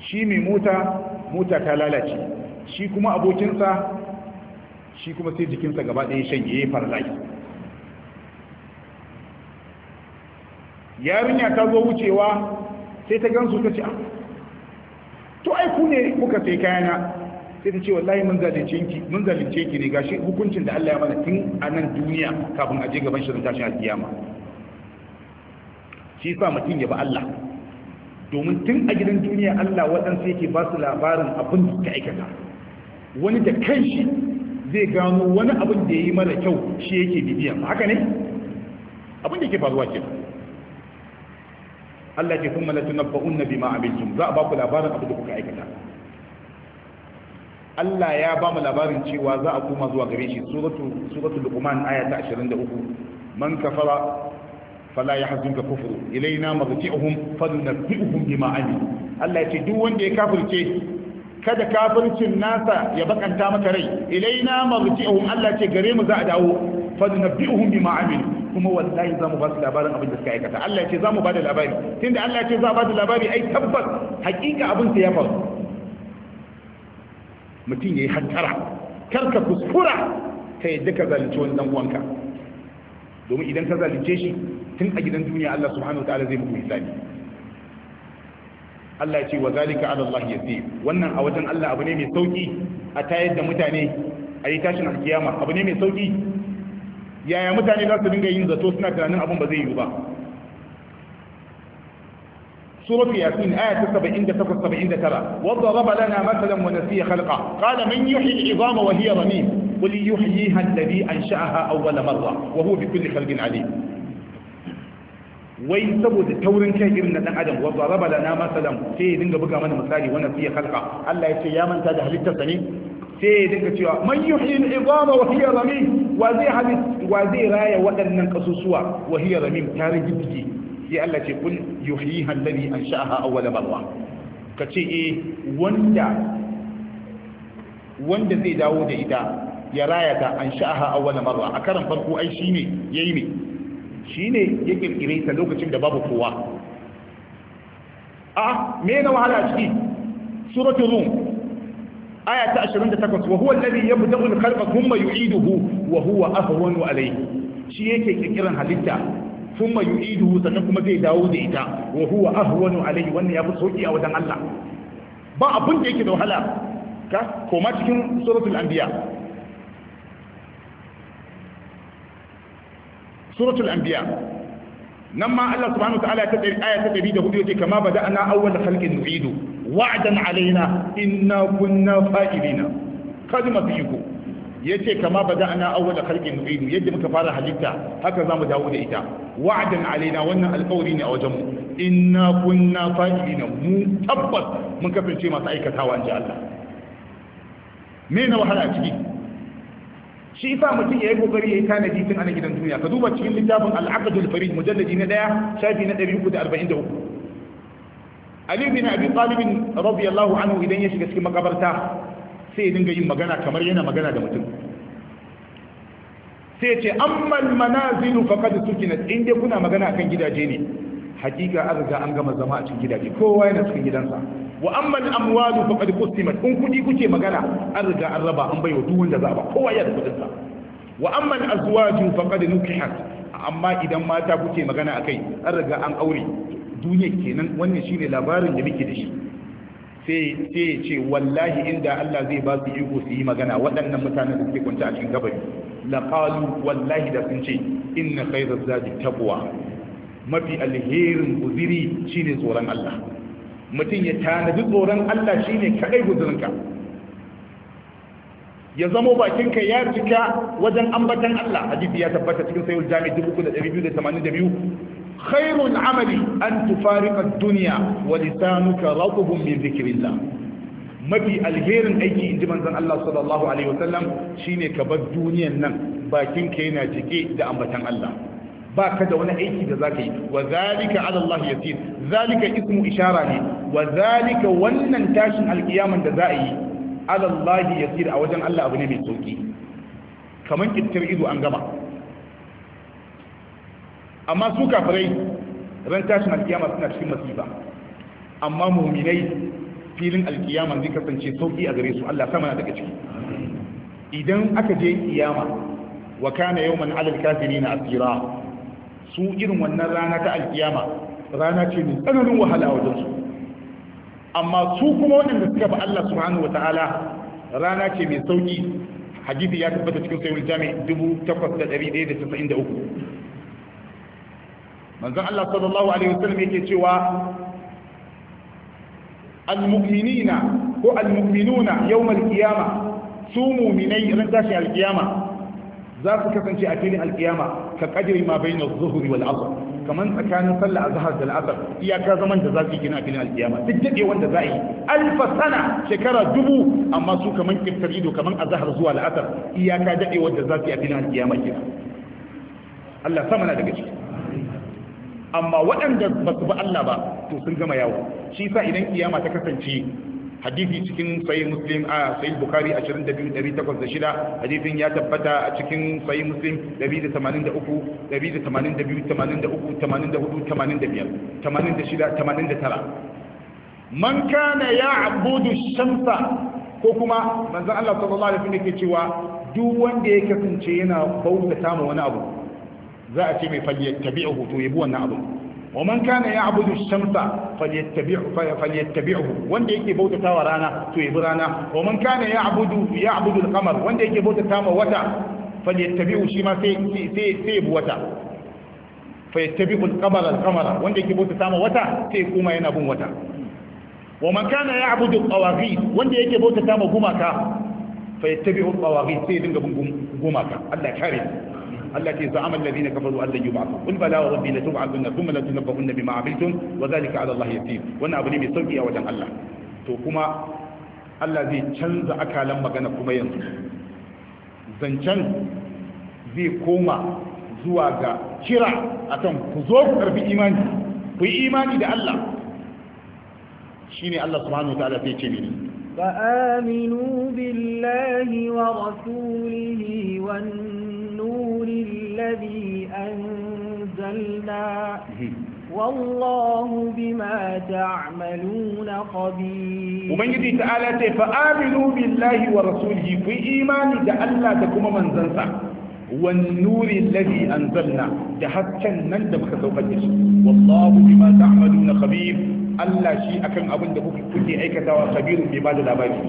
shi mai mota mota ta lalace shi kuma abokinsa shi kuma sai jikinsa gaba ɗaya shanye farzaki yarinya ta zo wucewa sai ta gansu ta ce ah, to ai ku ne kuka sai kayana sai ta ce wallahi mun zalince ki mun zalince ki ne gashi hukuncin da Allah ya mana tun a nan duniya kafin a je gaban shirin tashin alkiyama shi sa mutum ya ba Allah domin tun a gidan duniya Allah waɗansu yake ba su labarin abin da ta aikata wani da kanshi zai gano wani abin da ya yi mara kyau shi yake bibiya haka ne abin da ke faruwa kenan Allah ce kuma latunabba'unna bima amiltum za a ba ku labarin abu da kuka aikata Allah ya ba mu labarin cewa za a koma zuwa gare shi suratu suratu luqman aya ta 23 man kafara fala yahzunka kufru ilaina marji'uhum falunabbi'uhum bima amil Allah ya ce duk wanda ya kafirce kada kafircin nasa ya bakanta maka rai ilaina marji'uhum Allah ya ce gare mu za a dawo falunabbi'uhum bima amil kuma wallahi za mu ba su labarin abin da suka aikata Allah ya ce za mu ba da labari tunda Allah ya ce za ba da labari ai tabbas hakika abin ta ya faru mutum ya yi hattara kar ka kuskura ka yadda ka zalunci wani dan uwanka domin idan ka zalunce shi tun a gidan duniya Allah subhanahu wa ta'ala zai muku hisabi Allah ya ce wa zalika ala Allah yasir wannan a wajen Allah abu ne mai sauki a tayar da mutane a yi tashin alkiyama abu ne mai sauki yaya mutane za su dinga yin zato suna tunanin abin ba zai yiwu ba سورة ياسين آية 78 79 وضرب لنا مثلا ونسي خلقه قال من يحيي العظام وهي رميم قل يحييها الذي أنشأها أول مرة وهو بكل خلق عليم wai saboda taurin kai irin na ɗan adam wa zaraba lana masalan sai ya dinga buga mana misali wannan fiye Allah ya ce ya manta da halittarsa sai ya dinga cewa man yuhyi al-idama wa hiya ramim wa zai hadis wa zai raya waɗannan kasusuwa wa hiya ramim ta rigidike sai Allah ce kul yuhyiha alladhi ansha'aha awwala marra kace eh wanda wanda zai dawo da ita ya raya ta ansha'aha awwala marra a karan farko ai shine yayi ne shine ya kirkire ta lokacin da babu kowa a me na wahala ciki suratul rum aya ta 28 wa huwa alladhi yabda'u al-khalqa thumma yu'iduhu wa huwa ahwanu alayhi shi yake kirkiran halitta thumma yu'iduhu sannan kuma zai dawo da ita wa huwa ahwanu alayhi wannan yafi sauki a wajen Allah ba abun da yake da wahala ka koma cikin suratul anbiya suratul anbiya nan ma Allah subhanahu wa ta'ala ta tsari aya ta 104 yake kama bada'ana awwal khalqin nu'idu wa'adan alaina inna kunna fa'ilina kaji masu iko ya ce kama ba da'ana awwala khalqin nu'idu yadda muka fara halitta haka za mu dawo da ita wa'adan alaina wannan alƙawari ne a wajen mu inna kunna fa'ilina mu tabbas mun kasance masu aikatawa an ji Allah me na wahala a ciki shi isa mutum ya yi kokari ya yi tanadi tun ana gidan duniya ka duba cikin littafin al'aqdul farid mujallaji na daya shafi na 343 Ali bin Abi Talib radiyallahu anhu idan ya shiga cikin makabarta sai ya dinga yin magana kamar yana magana da mutum sai ce al-manazil faqad sukinat inda kuna magana akan gidaje ne hakika an riga an gama zama a cikin gidaje kowa yana cikin gidansa wa al-amwal faqad qustimat in kudi kuke magana an riga an raba an baiwa duk wanda za ba kowa yana da kudin sa wa al-azwaj faqad nukihat amma idan mata kuke magana akai an riga an aure duniya kenan wannan shine labarin da muke da shi sai ya ce wallahi inda Allah zai ba su iko su yi magana waɗannan mutanen da suke kwanta a cikin gabari La laqalu wallahi da sun ce inna khayra zadi taqwa mafi alherin guziri shine tsoron Allah mutum ya tanadi tsoron Allah shine kadai guzurinka ya zamo bakinka ya cika wajen ambatan Allah hadisi ya tabbata cikin sayyid jami 3282 khairun amali an tufarika duniya wa lisanuka ratubun min zikrillah mafi alherin aiki inji manzon Allah sallallahu alaihi wasallam shine ka bar duniyan nan bakin ka yana cike da ambatan Allah ba ka da wani aiki da zaka yi wa zalika ala Allah yasir zalika ismu ishara ne wa zalika wannan tashin alkiyaman da za a yi ala Allah yasir a wajen Allah abu ne mai sauki kaman kittar ido an gama amma su kafirai ran tashin alkiyama suna cikin masifa amma muminai filin alkiyama zai kasance sauki a gare su Allah sama na daga ciki idan aka je kiyama wa kana yawman alal kafirina asira su irin wannan rana ta alkiyama rana ce mai tsananin wahala a wajen su amma su kuma waɗanda suka ba Allah subhanahu wa ta'ala rana ce mai sauki hadisi ya tabbata cikin sayar jami 8193 manzon Allah sallallahu alaihi wasallam yake cewa almu'minina ko almu'minuna yawm alqiyama su mu'minai ran tashi alqiyama za su kasance a filin alqiyama ka qadri ma bayna adh-dhuhri wal 'asr kaman tsakanin sallar azhar da al'asr iyaka zaman da za su yi a filin alqiyama duk dade wanda za yi alfa sana shekara dubu amma su kaman kiftar ido kaman azhar zuwa al'asr iyaka dade wanda za su yi a filin alqiyama kina Allah sama na daga ciki amma waɗanda ba su ba Allah ba to sun gama yawo shi sa idan kiyama ta kasance hadisi cikin sahih muslim a sahih bukhari 22806 hadisin ya tabbata a cikin sahih muslim 283 man kana Abudu shamsa ko kuma manzon Allah sallallahu alaihi wasallam yake cewa duk wanda ya kasance yana bautata ma wani abu za a ce mai falyattabi'uhu to yabi wannan abin. wa man kana ya'budu ash-shamsa falyattabi'u falyattabi'uhu wanda yake bautata wa rana to yabi rana wa man kana ya'budu ya'budu al-qamar wanda yake bautata ma wata falyattabi'u shi ma sai sai sai yabi wata falyattabi'u al-qamara al-qamara wanda yake bautata ma wata sai kuma yana bin wata wa man kana ya'budu al-qawaghit wanda yake bautata ma gumaka falyattabi'u al-qawaghit sai dinga bin gumaka Allah ya kare Allah ke za'ama alladhina kafaru an yub'athu qul bala wa rabbi latub'athunna thumma latunabba'unna bima 'amiltum wa dhalika 'ala Allah yasir wannan abu ne mai sauki a wajen Allah to kuma Allah zai canza akalan magana kuma yanzu zancen zai koma zuwa ga kira akan ku zo ku karbi imani ku yi imani da Allah Allah ce mini فآمنوا بالله ورسوله والنبي الرسول الذي أنزلنا والله بما تعملون خبير ومن تعالى فآمنوا بالله ورسوله في إيمان دعلا تكم من زنسا والنور الذي أنزلنا تحكا نندم خسوف والله بما تعملون خبير ألا شيء أكن أبن دبوك كل أيكة وخبير بما دلاباته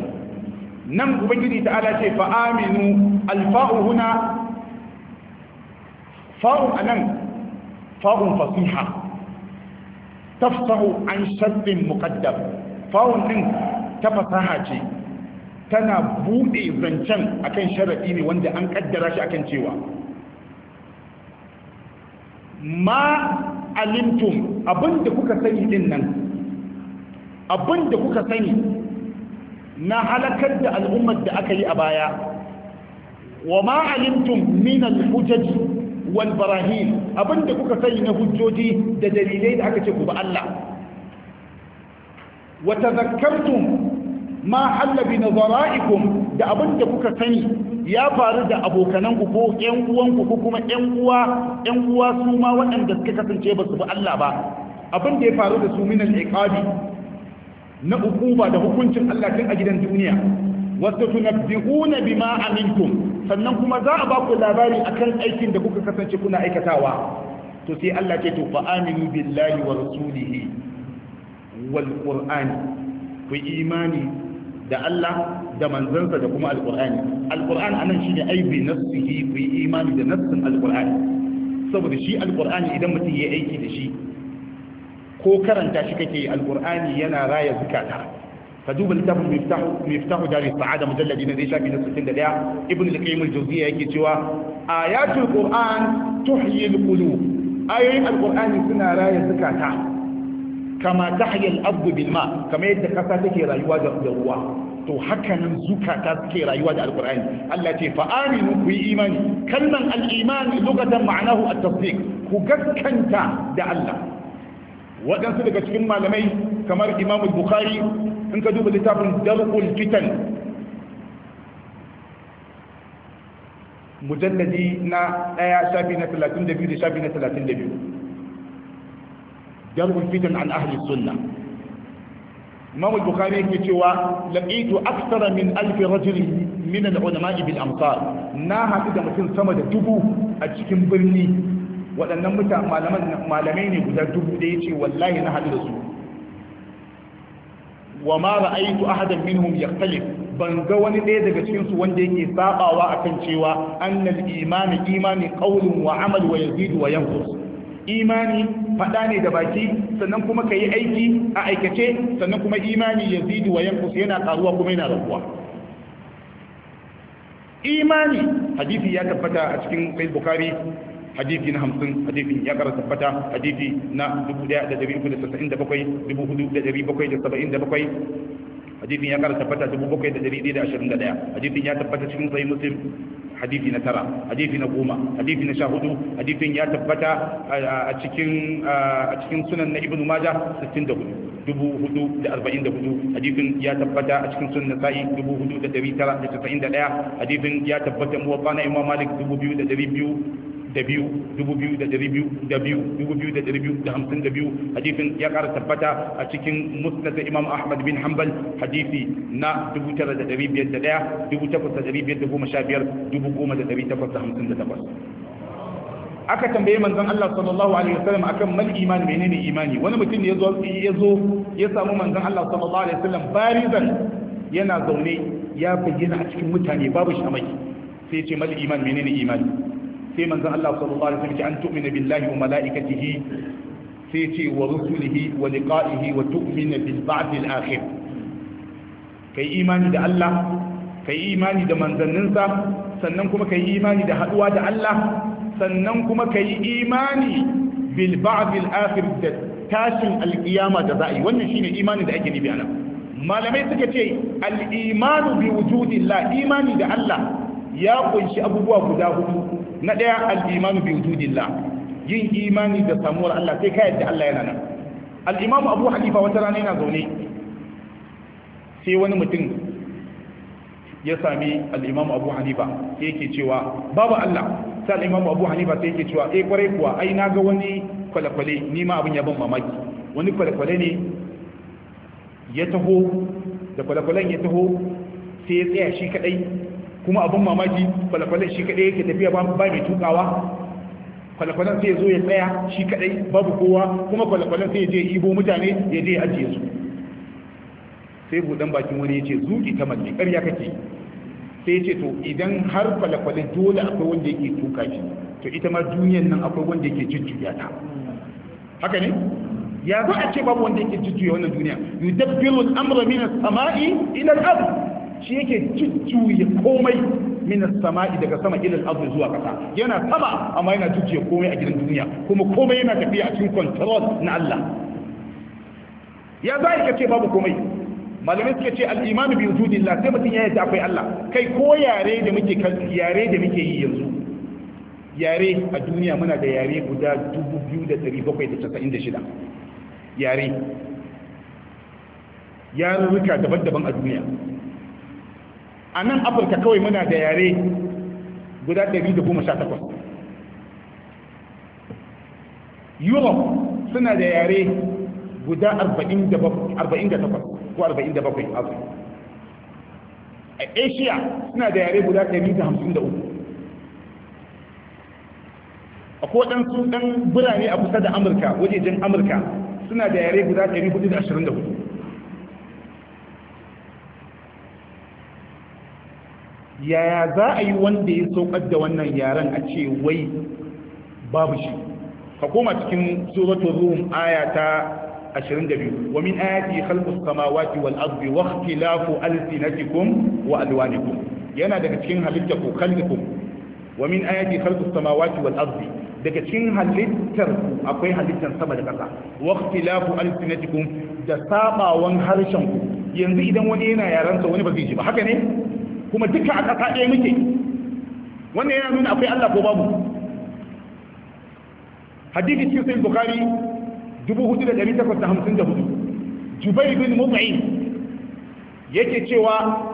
نم ومن تعالى فآمنوا الفاء هنا fa'un anan fa'un fasiha tafsahu an shartin muqaddam fa'un ɗin ta fasaha ce tana bude zancen akan sharadi ne wanda an ƙaddara shi akan cewa ma alimtum abinda kuka sani din nan abinda kuka sani na halakar da al'ummar da aka yi a baya wa ma alimtum min al wal barahin abinda kuka sani na hujjoji da dalilai da aka ce ku ba Allah wa tadhakkartum ma halla bi nazara'ikum da abinda kuka sani ya faru da abokanan ku ko ƴan uwan ku kuma ƴan uwa ƴan uwa su ma waɗanda suka kasance ba su bi Allah ba abin da ya faru da su min al-iqabi na ukuba da hukuncin Allah tun a gidan duniya wasu tunabbi'una bima amintum sannan kuma za a ba ku labari akan aikin da kuka kasance kuna aikatawa to sai Allah ce to fa aminu billahi wa rasulihi wal qur'ani ku imani da Allah da manzansa da kuma alqur'ani alqur'an anan shine ai bi nafsihi ku imani da nafsin alqur'ani saboda shi alqur'ani idan mutum ya aiki da shi ko karanta shi kake alqur'ani yana raya zukata ka duba littafin miftahu miftahu dari sa'ada mujalladi na zai shafi na 61 ibn al-qayyim al-jawziyya yake cewa ayatul qur'an tuhyi al-qulub ayoyin al-qur'ani suna raya zakata kama tahya al-ardu bil ma kama yadda kasa take rayuwa da ruwa to hakanan zukata suke rayuwa da alkur'ani Allah ce fa aminu ku yi imani kalman al-iman lugatan ma'anahu at-tasdiq ku gaskanta da Allah waɗansu daga cikin malamai kamar imam bukhari in ka duba littafin darul fitan mujalladi na ɗaya shafi na 32 da shafi na 32 darul fitan an ahli sunna imam bukhari yake cewa laqitu akthara min alf rajul min al-ulama bil amsar na haɗu da mutum sama da dubu a cikin birni waɗannan mutane malamai ne guda dubu da ce wallahi na hadu da su wa ma ra'aytu ahadan minhum yaqtalif ban ga wani ɗaya daga cikin su wanda yake sabawa akan cewa annal imani imani qawlun wa amal wa yazidu wa yanqus imani fada ne da baki sannan kuma kayi aiki a aikace sannan kuma imani yazidu wa yanqus yana karuwa kuma yana raguwa imani hadisi ya tabbata a cikin sahih bukhari hadisi na hamsin hadisin ya kara tabbata hadisi dubu daya da dari uku da tasa'in da bakwai dubu hudu da dari bakwai da saba'in da bakwai hadisin ya kara tabbata dubu bakwai da dari da ashirin da daya hadisin ya tabbata cikin sahih muslim hadisi tara hadisi goma hadisi sha hudu hadisin ya tabbata a cikin sunan na ibnu majah 64 dubu hudu da arba'in da hudu hadisin ya tabbata a cikin sunan dubu hudu da dari tara da da ya tabbata imam malik dubu biyu da dari biyu da biyu dubu biyu da dari biyu da biyu dubu biyu da dari biyu da hamsin da biyu hadisin ya ƙara tabbata a cikin musnad imam ahmad bin hanbal hadisi na dubu tara da dari biyar da ɗaya dubu takwas da dari biyar da goma sha biyar dubu goma da dari takwas da hamsin da takwas aka tambaye manzon Allah sallallahu alaihi wasallam akan mal imani menene imani wani mutum ne yazo ya samu manzon Allah sallallahu alaihi wasallam barizan yana zaune ya bayyana a cikin mutane babu shamaki sai ya ce mal imani menene imani sai manzon Allah sallallahu alaihi wasallam ce an tu'mina billahi wa malaikatihi sai ce wa rusulihi wa liqa'ihi wa tu'mina bil ba'd al akhir kai imani da Allah kai imani da manzanninsa sannan kuma kai imani da haduwa da Allah sannan kuma kai imani bil ba'd al akhir da tashin alkiyama da za'i wannan shine imani da ake nibi anan malamai suka ce al imanu bi wujudillah imani da Allah ya kunshi abubuwa guda hudu na ɗaya al-imanu bi wujudillah yin imani da samuwar Allah sai kayar da Allah yana nan al'imamu Abu Hanifa wata rana yana zaune sai wani mutum ya sami al-imam Abu Hanifa ke cewa babu Allah sai al'imamu Abu Hanifa sai ke cewa e kwarai kuwa ai na ga wani kwale-kwale ni ma abin ya ban mamaki wani kwale-kwale ne ya taho da kwale-kwalen ya taho sai ya tsaya shi kadai kuma abin mamaki kwalakwalan shi kadai yake tafiya ba mai tukawa kwalakwalan sai ya zo ya tsaya shi kadai babu kowa kuma kwalakwalan sai ya je ibo mutane ya je ajiye su sai budan bakin wani ya ce zuki ta malle karya kake sai ya ce to idan har kwalakwalin dole akwai wanda yake tuka shi to ita ma duniyan nan akwai wanda yake jujjuya ta haka ne ya zo a ce babu wanda yake jujjuya wannan duniya yudabbiru al-amra min as-sama'i ila al-ardh shi yake jujjuye komai min sama'i daga sama ilal ardh zuwa kasa yana sama amma yana jujjuye komai a gidan duniya kuma komai yana tafiya a cikin control na Allah ya zai kace babu komai malamai suka ce al iman bi wujudillah sai mutum ya yadda akwai Allah kai ko yare da muke yare da muke yi yanzu yare a duniya muna da yare guda 2796 yare yarurruka daban-daban a duniya a nan afirka kawai muna da yare guda 118 europe suna da yare guda 48 ko 47 a asia suna da yare guda 153 akwai waɗansu dan birane a kusa da amurka wajejen amurka suna da yare guda 424 yaya za a yi wanda ya saukar da wannan yaren a ce wai babu shi ka koma cikin suratul rum aya ta 22 wa min ayati khalqus samawati wal ardi wa ikhtilafu alsinatikum wa alwanikum yana daga cikin halitta ko khalqukum wa min ayati khalqus samawati wal ardi daga cikin halittar ku akwai halittar sama da ƙasa wa ikhtilafu alsinatikum da sabawan harshen ku yanzu idan wani yana yaransa wani ba zai ji ba haka ne kuma duka a ƙasa ɗaya muke wannan yana nuna akwai Allah ko babu hadisi cikin sai bukari 4854 jubai bin mut'in yake cewa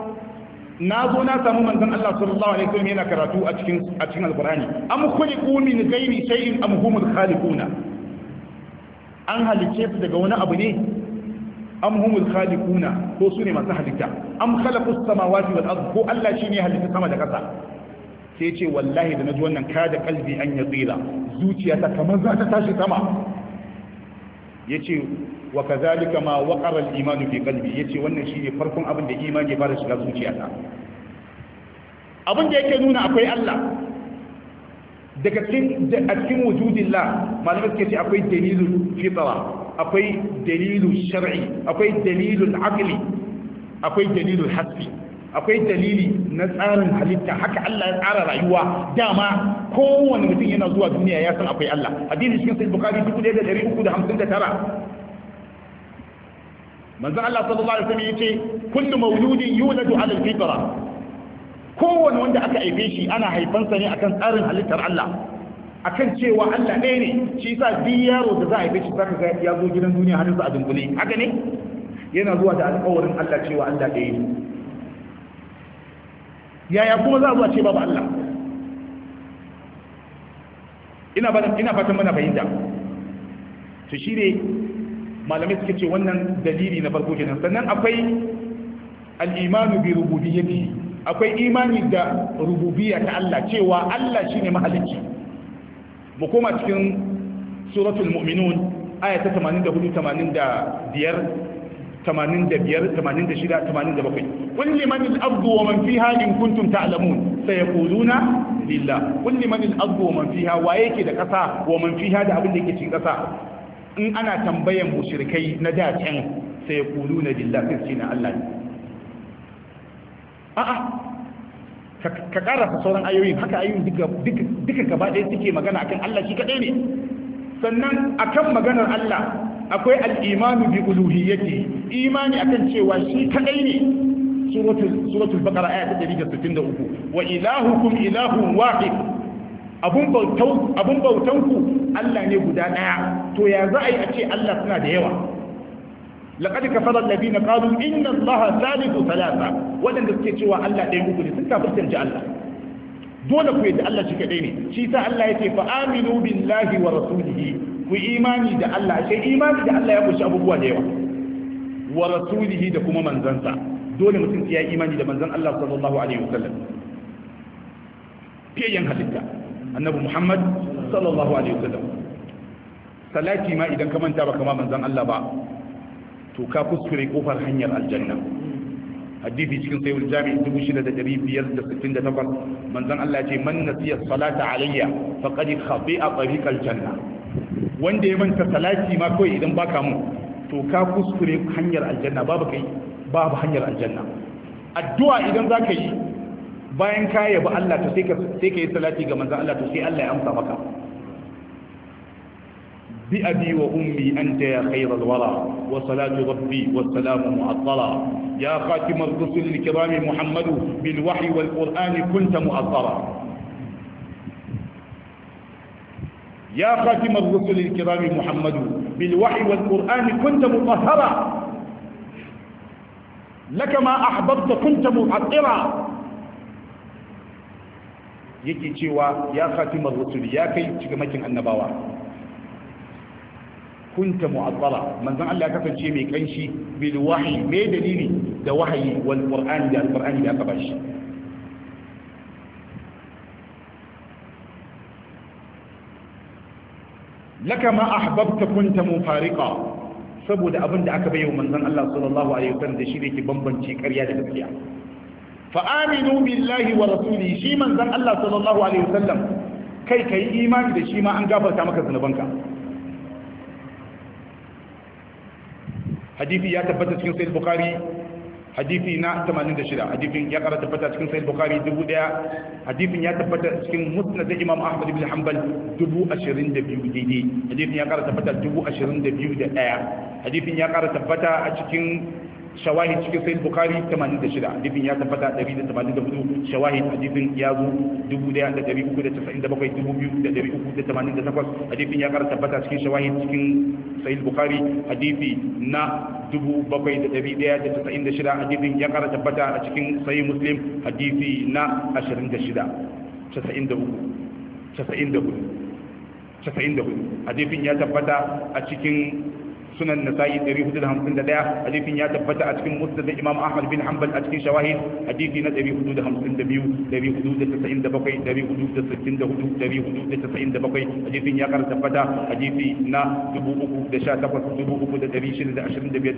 na zo na samu manzon Allah sallallahu alaihi wasallam yana karatu a cikin a cikin alqur'ani am khuliqu min ghairi shay'in am humul khaliquna an halice su daga wani abu ne am humul khaliquna ko sune masu halitta am khalaqus samawati wal ard ko Allah shine halitta sama da kasa sai ce wallahi da naji wannan kada kalbi an yatsira zuciyata kamar za ta tashi sama yace wa kazalika ma waqara al iman fi qalbi yace wannan shine farkon abin da imani ya fara shiga zuciyata abin da yake nuna akwai Allah daga cikin a cikin wujudillah malamai suke ce akwai dalilul fitra akwai dalilu shar'i akwai dalilul aqli akwai dalilul hasbi akwai dalili na tsarin halitta haka Allah ya tsara rayuwa dama kowanne mutum yana zuwa duniya ya san akwai Allah hadisi cikin sahih bukhari 1359 manzo Allah sallallahu alaihi wasallam yace kullu mawludin yuladu ala al-fitra kowanne wanda aka haife shi ana haifansa ne akan tsarin halittar Allah akan cewa Allah ɗaya ne shi yasa duk yaro da za a haife shi za ka ga ya zo gidan duniya hannunsa a dunkule haka ne yana zuwa da alƙawarin Allah cewa Allah ɗaya ne yaya kuma za a zuwa ce babu Allah ina ina fatan mana fahimta to shi ne malamai suka ce wannan dalili na farko kenan sannan akwai al-imanu bi rububiyyati akwai imani da rububiyya ta Allah cewa Allah shine mahalicci mu koma cikin suratul mu'minun aya ta 85 kul liman al-ardu wa man fiha in kuntum ta'lamun sayaquluna lillah kul liman al-ardu wa man fiha wa yake da kasa wa man fiha da abin da yake cikin kasa in ana tambayan shirikai na da can sayaquluna lillah sai cin Allah a a ka karasa sauran ayoyin haka ayoyin duka gaba ɗaya suke magana akan Allah shi kaɗai ne sannan akan maganar Allah akwai al'imanu bi uluhiyyati imani akan cewa shi kaɗai ne suratul baqara aya ta 163 wa kum ilahu wahid abun bautanku Allah ne guda ɗaya to ya za a yi a ce Allah suna da yawa ka fara kafara na qalu inna allaha thalithu thalatha wadanda suke cewa Allah ɗaya uku ne sun kafirce Allah dole ku yadda Allah shi kadai ne shi sa Allah yake fa aminu billahi wa rasulihi ku imani da Allah sai imani da Allah ya kunshi abubuwa da yawa wa rasulihi da kuma manzansa dole mutum ya imani da manzan Allah sallallahu alaihi wa wasallam fiyayen halitta annabi Muhammad sallallahu alaihi wa sallam. salati ma idan ka manta ba kama manzan Allah ba to ka kuskure kofar hanyar aljanna hadisi cikin dubu shida da da dari biyar sayyid jami'i 6568 manzon Allah ce man nasiya salata alayya faqad khati'a tariq aljanna wanda ya manta salati ma kai idan baka mu to ka kuskure hanyar aljanna babu kai babu hanyar aljanna addu'a idan zaka yi bayan ka yabi Allah to sai ka sai ka yi salati ga manzon Allah to sai Allah ya amsa maka بأبي وأمي أنت يا خير الورى وصلاة ربي والسلام معطلا يا خاتم الرسل الكرام محمد بالوحي والقرآن كنت مؤطرا يا خاتم الرسل الكرام محمد بالوحي والقرآن كنت مطهرا لك ما أحببت كنت معطرا yake يا خاتم الرسل يا كي kai cikamakin النبوات kunta mu'azzara manzon Allah ya kasance mai kanshi bil wahyi me dalili da wahayi wal qur'ani da alqur'ani da aka shi. laka ma ahbabta kunta mufariqa saboda abin da aka bayyana manzon Allah sallallahu alaihi wasallam da shi ne ke bambance ƙarya da gaskiya fa aminu billahi wa rasuli shi manzon Allah sallallahu alaihi wasallam kai kai imani da shi ma an gafarta maka zunubanka hadisi ya tabbata cikin sahih bukhari hadisi na 86 hadisin ya kara tabbata cikin sahih bukhari 1000 hadisin ya tabbata cikin musnad imam ahmad ibn hanbal 22 daidai hadisin ya kara tabbata 22 da 1 hadisin ya kara tabbata a cikin shawahid cikin sayin bukari 86 dibin ya tabbata 184 shawahid hadithin ya zo 1397 2388 hadithin ya kara tabbata cikin shawahid cikin sayin bukari hadithi na 7196 hadithin ya kara tabbata a cikin sayin muslim hadithi na 26 94 94 hadithin ya tabbata a cikin sunan nasa'i 451 hadisin ya tabbata a cikin musnad imam ahmad bin hanbal a cikin shawahid hadisi na 452 497 464 497 hadisin ya karanta tabbata hadisi na 318 3625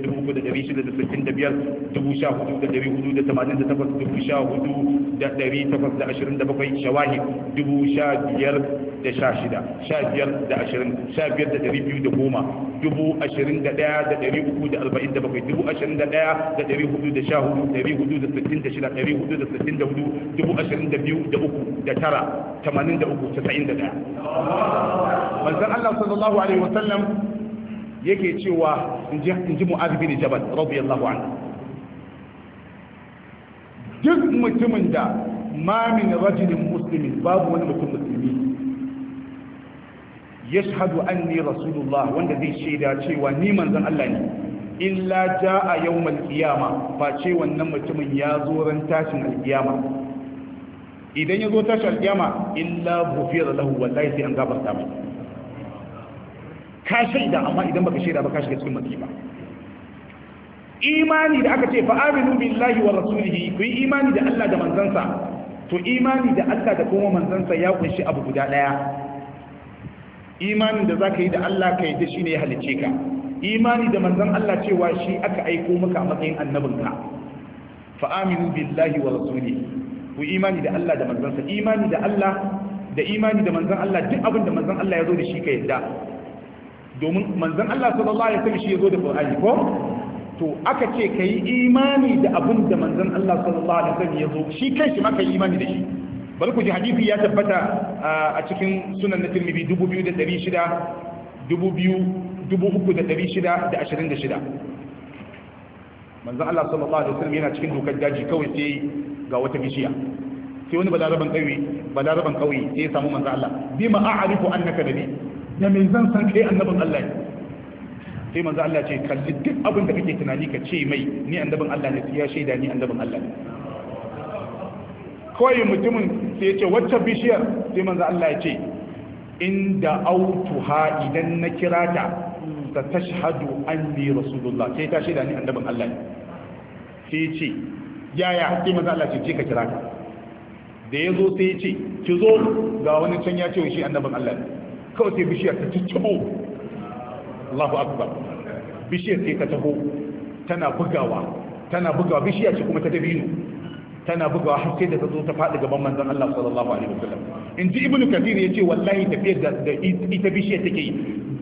3665 1488 shawahid 15 da 16 15 da 20 15 da 210 20 ashirin da ɗaya da ɗari uku da arba'in da bakwai dubu ashirin da ɗaya da ɗari hudu da sha hudu ɗari hudu da sittin da shida ɗari hudu da sittin da hudu dubu ashirin da biyu da uku da tara tamanin da uku casa'in da ɗaya manzan allah sallallahu alaihi yake cewa in ji mu'az bin jabal radiyallahu anhu duk mutumin da ma min rajulin babu wani mutum musulmi yashhadu anni rasulullah wanda zai shaida cewa ni manzan Allah ne illa jaa yawmal qiyama fa ce wannan mutumin ya zo ran tashin alqiyama idan ya zo tashin alqiyama illa ghufira lahu wallahi sai an gabata mai ka shaida amma idan baka shaida ba ka shiga cikin masifa imani da aka ce fa aminu billahi wa rasulihi ku yi imani da Allah da manzansa to imani da Allah da kuma manzansa ya kunshi abu guda daya imanin da za ka yi da Allah ka yi da shi ne ya halice ka imani da manzan Allah cewa shi aka aiko maka a matsayin annabinka fa'aminu billahi wa rasuli ku imani da Allah da manzansa imani da Allah da imani da manzan Allah duk abin da manzan Allah ya zo da shi ka yadda domin manzan Allah sallallahu alaihi wasallam shi ya zo da Qur'ani ko to aka ce ka yi imani da abin da manzan Allah sallallahu alaihi wasallam ya zo shi kai shi maka imani da shi bal ku ji hadisi ya tabbata a cikin sunan na tirmidhi 2600 manzo Allah sallallahu alaihi wasallam yana cikin dokar daji kawai sai ga wata bishiya sai wani balaraban kauye balaraban kauye sai ya samu manzo Allah bima a'rifu annaka nabi da me zan san kai annabin Allah ne sai manzo Allah ce kalli duk abin da kake tunani ka ce mai ni annabin Allah ne ya shaida ni annabin Allah ne kawai mutumin sai ya ce wacce bishiyar sai manzo Allah ya ce inda autuha idan na kira ta ta tashhadu anni rasulullah sai ta shaida ni annabin Allah sai ya ce yaya sai manzo Allah ce je ka kira ta da yazo sai ya ce ki zo ga wani can ya ce shi annabin Allah kawai sai bishiyar ta cicciko Allahu akbar bishiyar sai ta taho tana bugawa tana bugawa bishiyar ce kuma ta dabino tana bugawa har sai da ta zo ta faɗi gaban manzon Allah sallallahu alaihi wasallam in ji ibnu kathir yace wallahi tafiyar da ita bishiyar take yi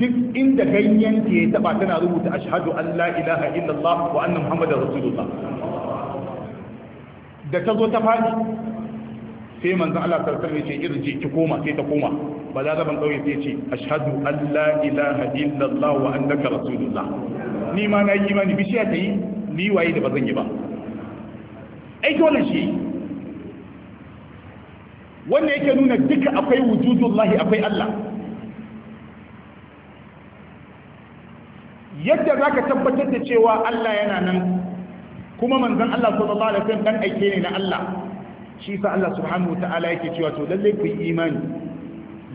duk inda ganyen ke taba tana rubuta ashhadu an la ilaha illallah wa anna muhammadar rasulullah da ta zo ta faɗi sai manzon Allah sallallahu alaihi wasallam yace irji ki koma sai ta koma ba za ban kauye sai ce ashhadu an la ilaha illallah wa annaka rasulullah ni ma na yi imani bishiya ta yi ni waye da bazan yi ba ai dole shi wanda yake nuna duka akwai wujudullahi akwai Allah yadda za ka tabbatar da cewa Allah yana nan kuma manzan Allah sallallahu da wasallam ɗan aike ne na Allah shi sa Allah subhanahu ta'ala yake cewa to lalle ku imani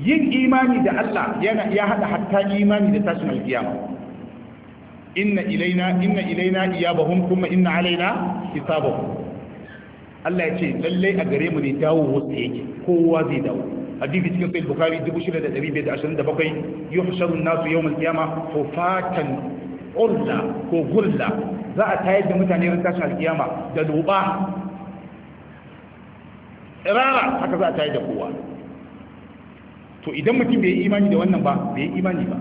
yin imani da Allah yana ya hada hatta imani da tashin alkiyama inna ilaina inna ilaina iyabahum kuma inna alaina hisabahum Allah ya ce lallai a gare mu ne dawo wasu yake kowa zai dawo hadisi cikin sahih bukhari 6527 yuhsharu an-nasu yawm al-qiyamah fatan urla ko gurla za a tayar da mutane ran tashin alkiyama da duba rara haka za a tayar da kowa to idan mutum bai imani da wannan ba bai imani ba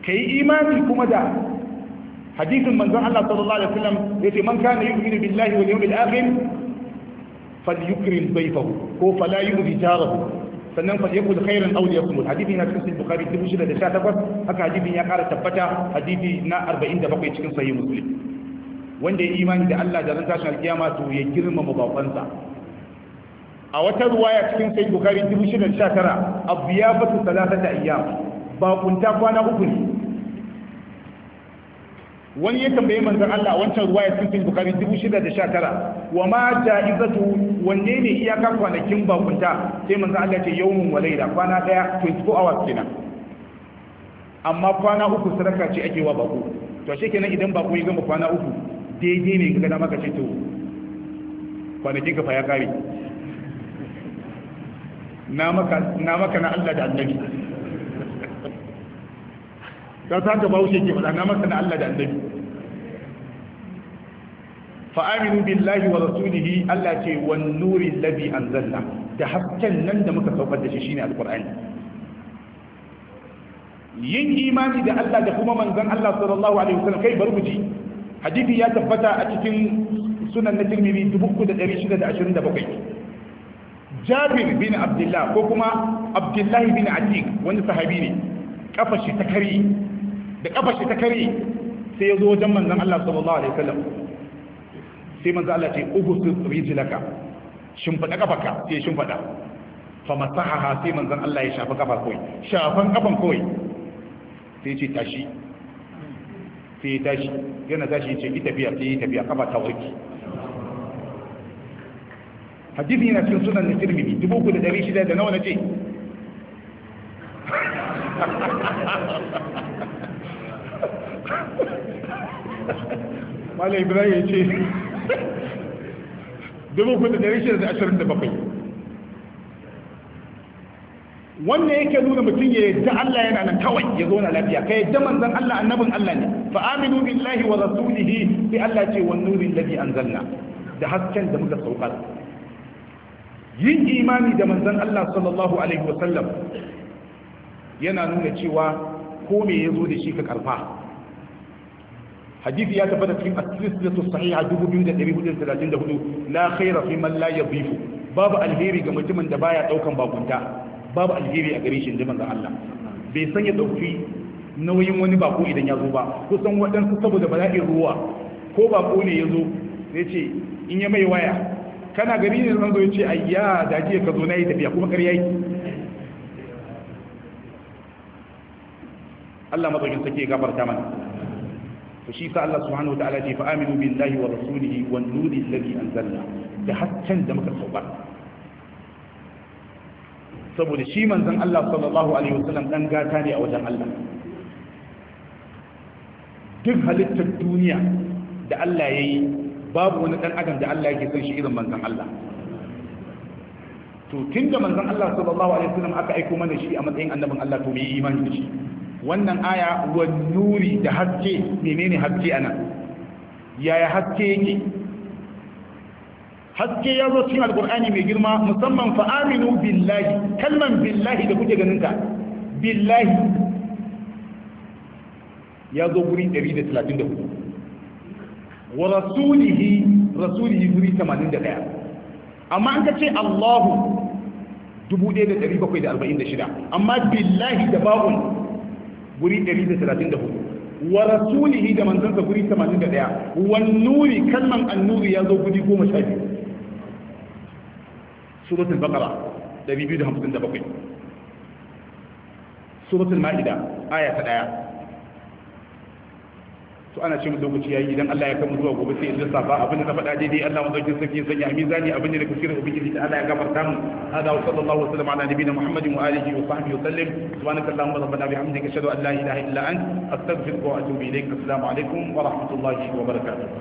ka yi imani kuma da hadisin manzon Allah sallallahu alaihi wasallam yace man kana yu'minu billahi wal yawmil akhir falyukrim dayfahu ko fala yubi jarahu sannan fa yakul khairan aw yakul hadisi na cikin bukhari 2018 haka hadisin ya kara tabbata hadisi na 47 cikin sahih muslim wanda ya imani da Allah da ran tashin alkiyama to ya girmama bakonsa a wata ruwaya cikin sahih bukhari 2019 abiyafatu salatata ayyam bakunta kwana uku ne wani ya tambaye manzon Allah wancan ruwa ya cikin bukari 619 wa ma ja'izatu wanne ne iyaka kwanakin bakunta sai manzon Allah ce yawmun wa laila kwana daya 24 hours kenan amma kwana uku sadaka ce ake wa bako to shi kenan idan bako ya gama kwana uku daidai ne ga da maka ce to kwanakin ka fa ya kare na maka na Allah da annabi ta sa ta baushe ke faɗa na masa na Allah da annabi fa aminu billahi wa rasulihi Allah ce wan nuri alladhi anzalna da hasken nan da muka saukar da shi shine alqur'ani yin imani da Allah da kuma manzon Allah sallallahu alaihi wasallam kai bar guji hadisi ya tabbata a cikin sunan na Tirmidhi 3627 Jabir bin Abdullah ko kuma Abdullahi bin Atik wani sahabi ne kafa shi ta kari da kafa shi ta kare sai ya zo wajen manzon Allah sallallahu alaihi wasallam sai manzon Allah ce ugusu rijlaka shimfada kafarka sai shimfada fa masahaha sai manzon Allah ya shafa kafar koi shafan kafan koi sai ce tashi sai ya tashi yana tashi ya ce yi tafiya sai yi tafiya kafa ta warki hadisi yana cikin sunan na tirmidhi dubu uku da dari shida da nawa na ce malam ibrahim ya ce dubu kudu da rashin da ashirin da bakwai wannan yake nuna mutum ya yadda Allah yana nan kawai ya zo na lafiya kai yadda manzon Allah annabin Allah ne fa aminu billahi wa rasulihi bi Allah ce wan nurin ladhi anzalna da hasken da muka saukar yin imani da manzon Allah sallallahu alaihi wa sallam yana nuna cewa ko me yazo da shi ka karfa hadisi ya tabbata cikin as-silsilatu sahiha hudu la khaira fi man la yadhifu babu alheri ga mutumin da baya daukan bakunta babu alheri a gare shi inda manzon Allah bai san ya dauki nauyin wani bako idan ya zo ba kusan waɗansu saboda bala'in ruwa ko bako ne ya zo ya ce in ya mai waya kana gari ne zan zo ya ce ayya da jiya ka zo na yi tafiya kuma ƙarya yi Allah mazaukin sake gafarta mana to shi sa Allah subhanahu wa ta'ala ce fa aminu billahi wa rasulihi wan nuri alladhi anzalna da haccen da muka saukar saboda shi manzon Allah sallallahu alaihi wasallam dan gata ne a wajen Allah duk halittar duniya da Allah yayi babu wani dan adam da Allah yake son shi irin manzon Allah to tunda manzon Allah sallallahu alaihi wasallam aka aika mana shi a matsayin annabin Allah to mu yi imani da shi wannan aya wa nuri da haske menene haske anan yaya haske yake haske ya zo cikin alkur'ani mai girma musamman fa aminu billahi kalman billahi da kuke ganin ta billahi ya zo guri 134 wa rasulihi rasulihi guri 81 amma an ka ce allahu 1746 amma billahi da ba'un guri 134 wa rasulihi da manzansa guri 81 wan nuri kalman annuri ya zo guri 12 suratul baqara 257 suratul ma'ida aya ta 1 to ana ce lokaci yayi idan Allah ya kama zuwa gobe sai in lissafa abin da na faɗa daidai Allah madaukakin sarki sanya a mizani abin da kafira ubangiji ta Allah ya gafarta mu hada wa sallallahu alaihi wa sallam ala nabiyina muhammadin wa alihi wa sahbihi wa sallam subhanaka allahumma rabbana bihamdika ashhadu an la ilaha illa ant astaghfiruka wa atubu ilaik assalamu alaikum wa rahmatullahi wa barakatuh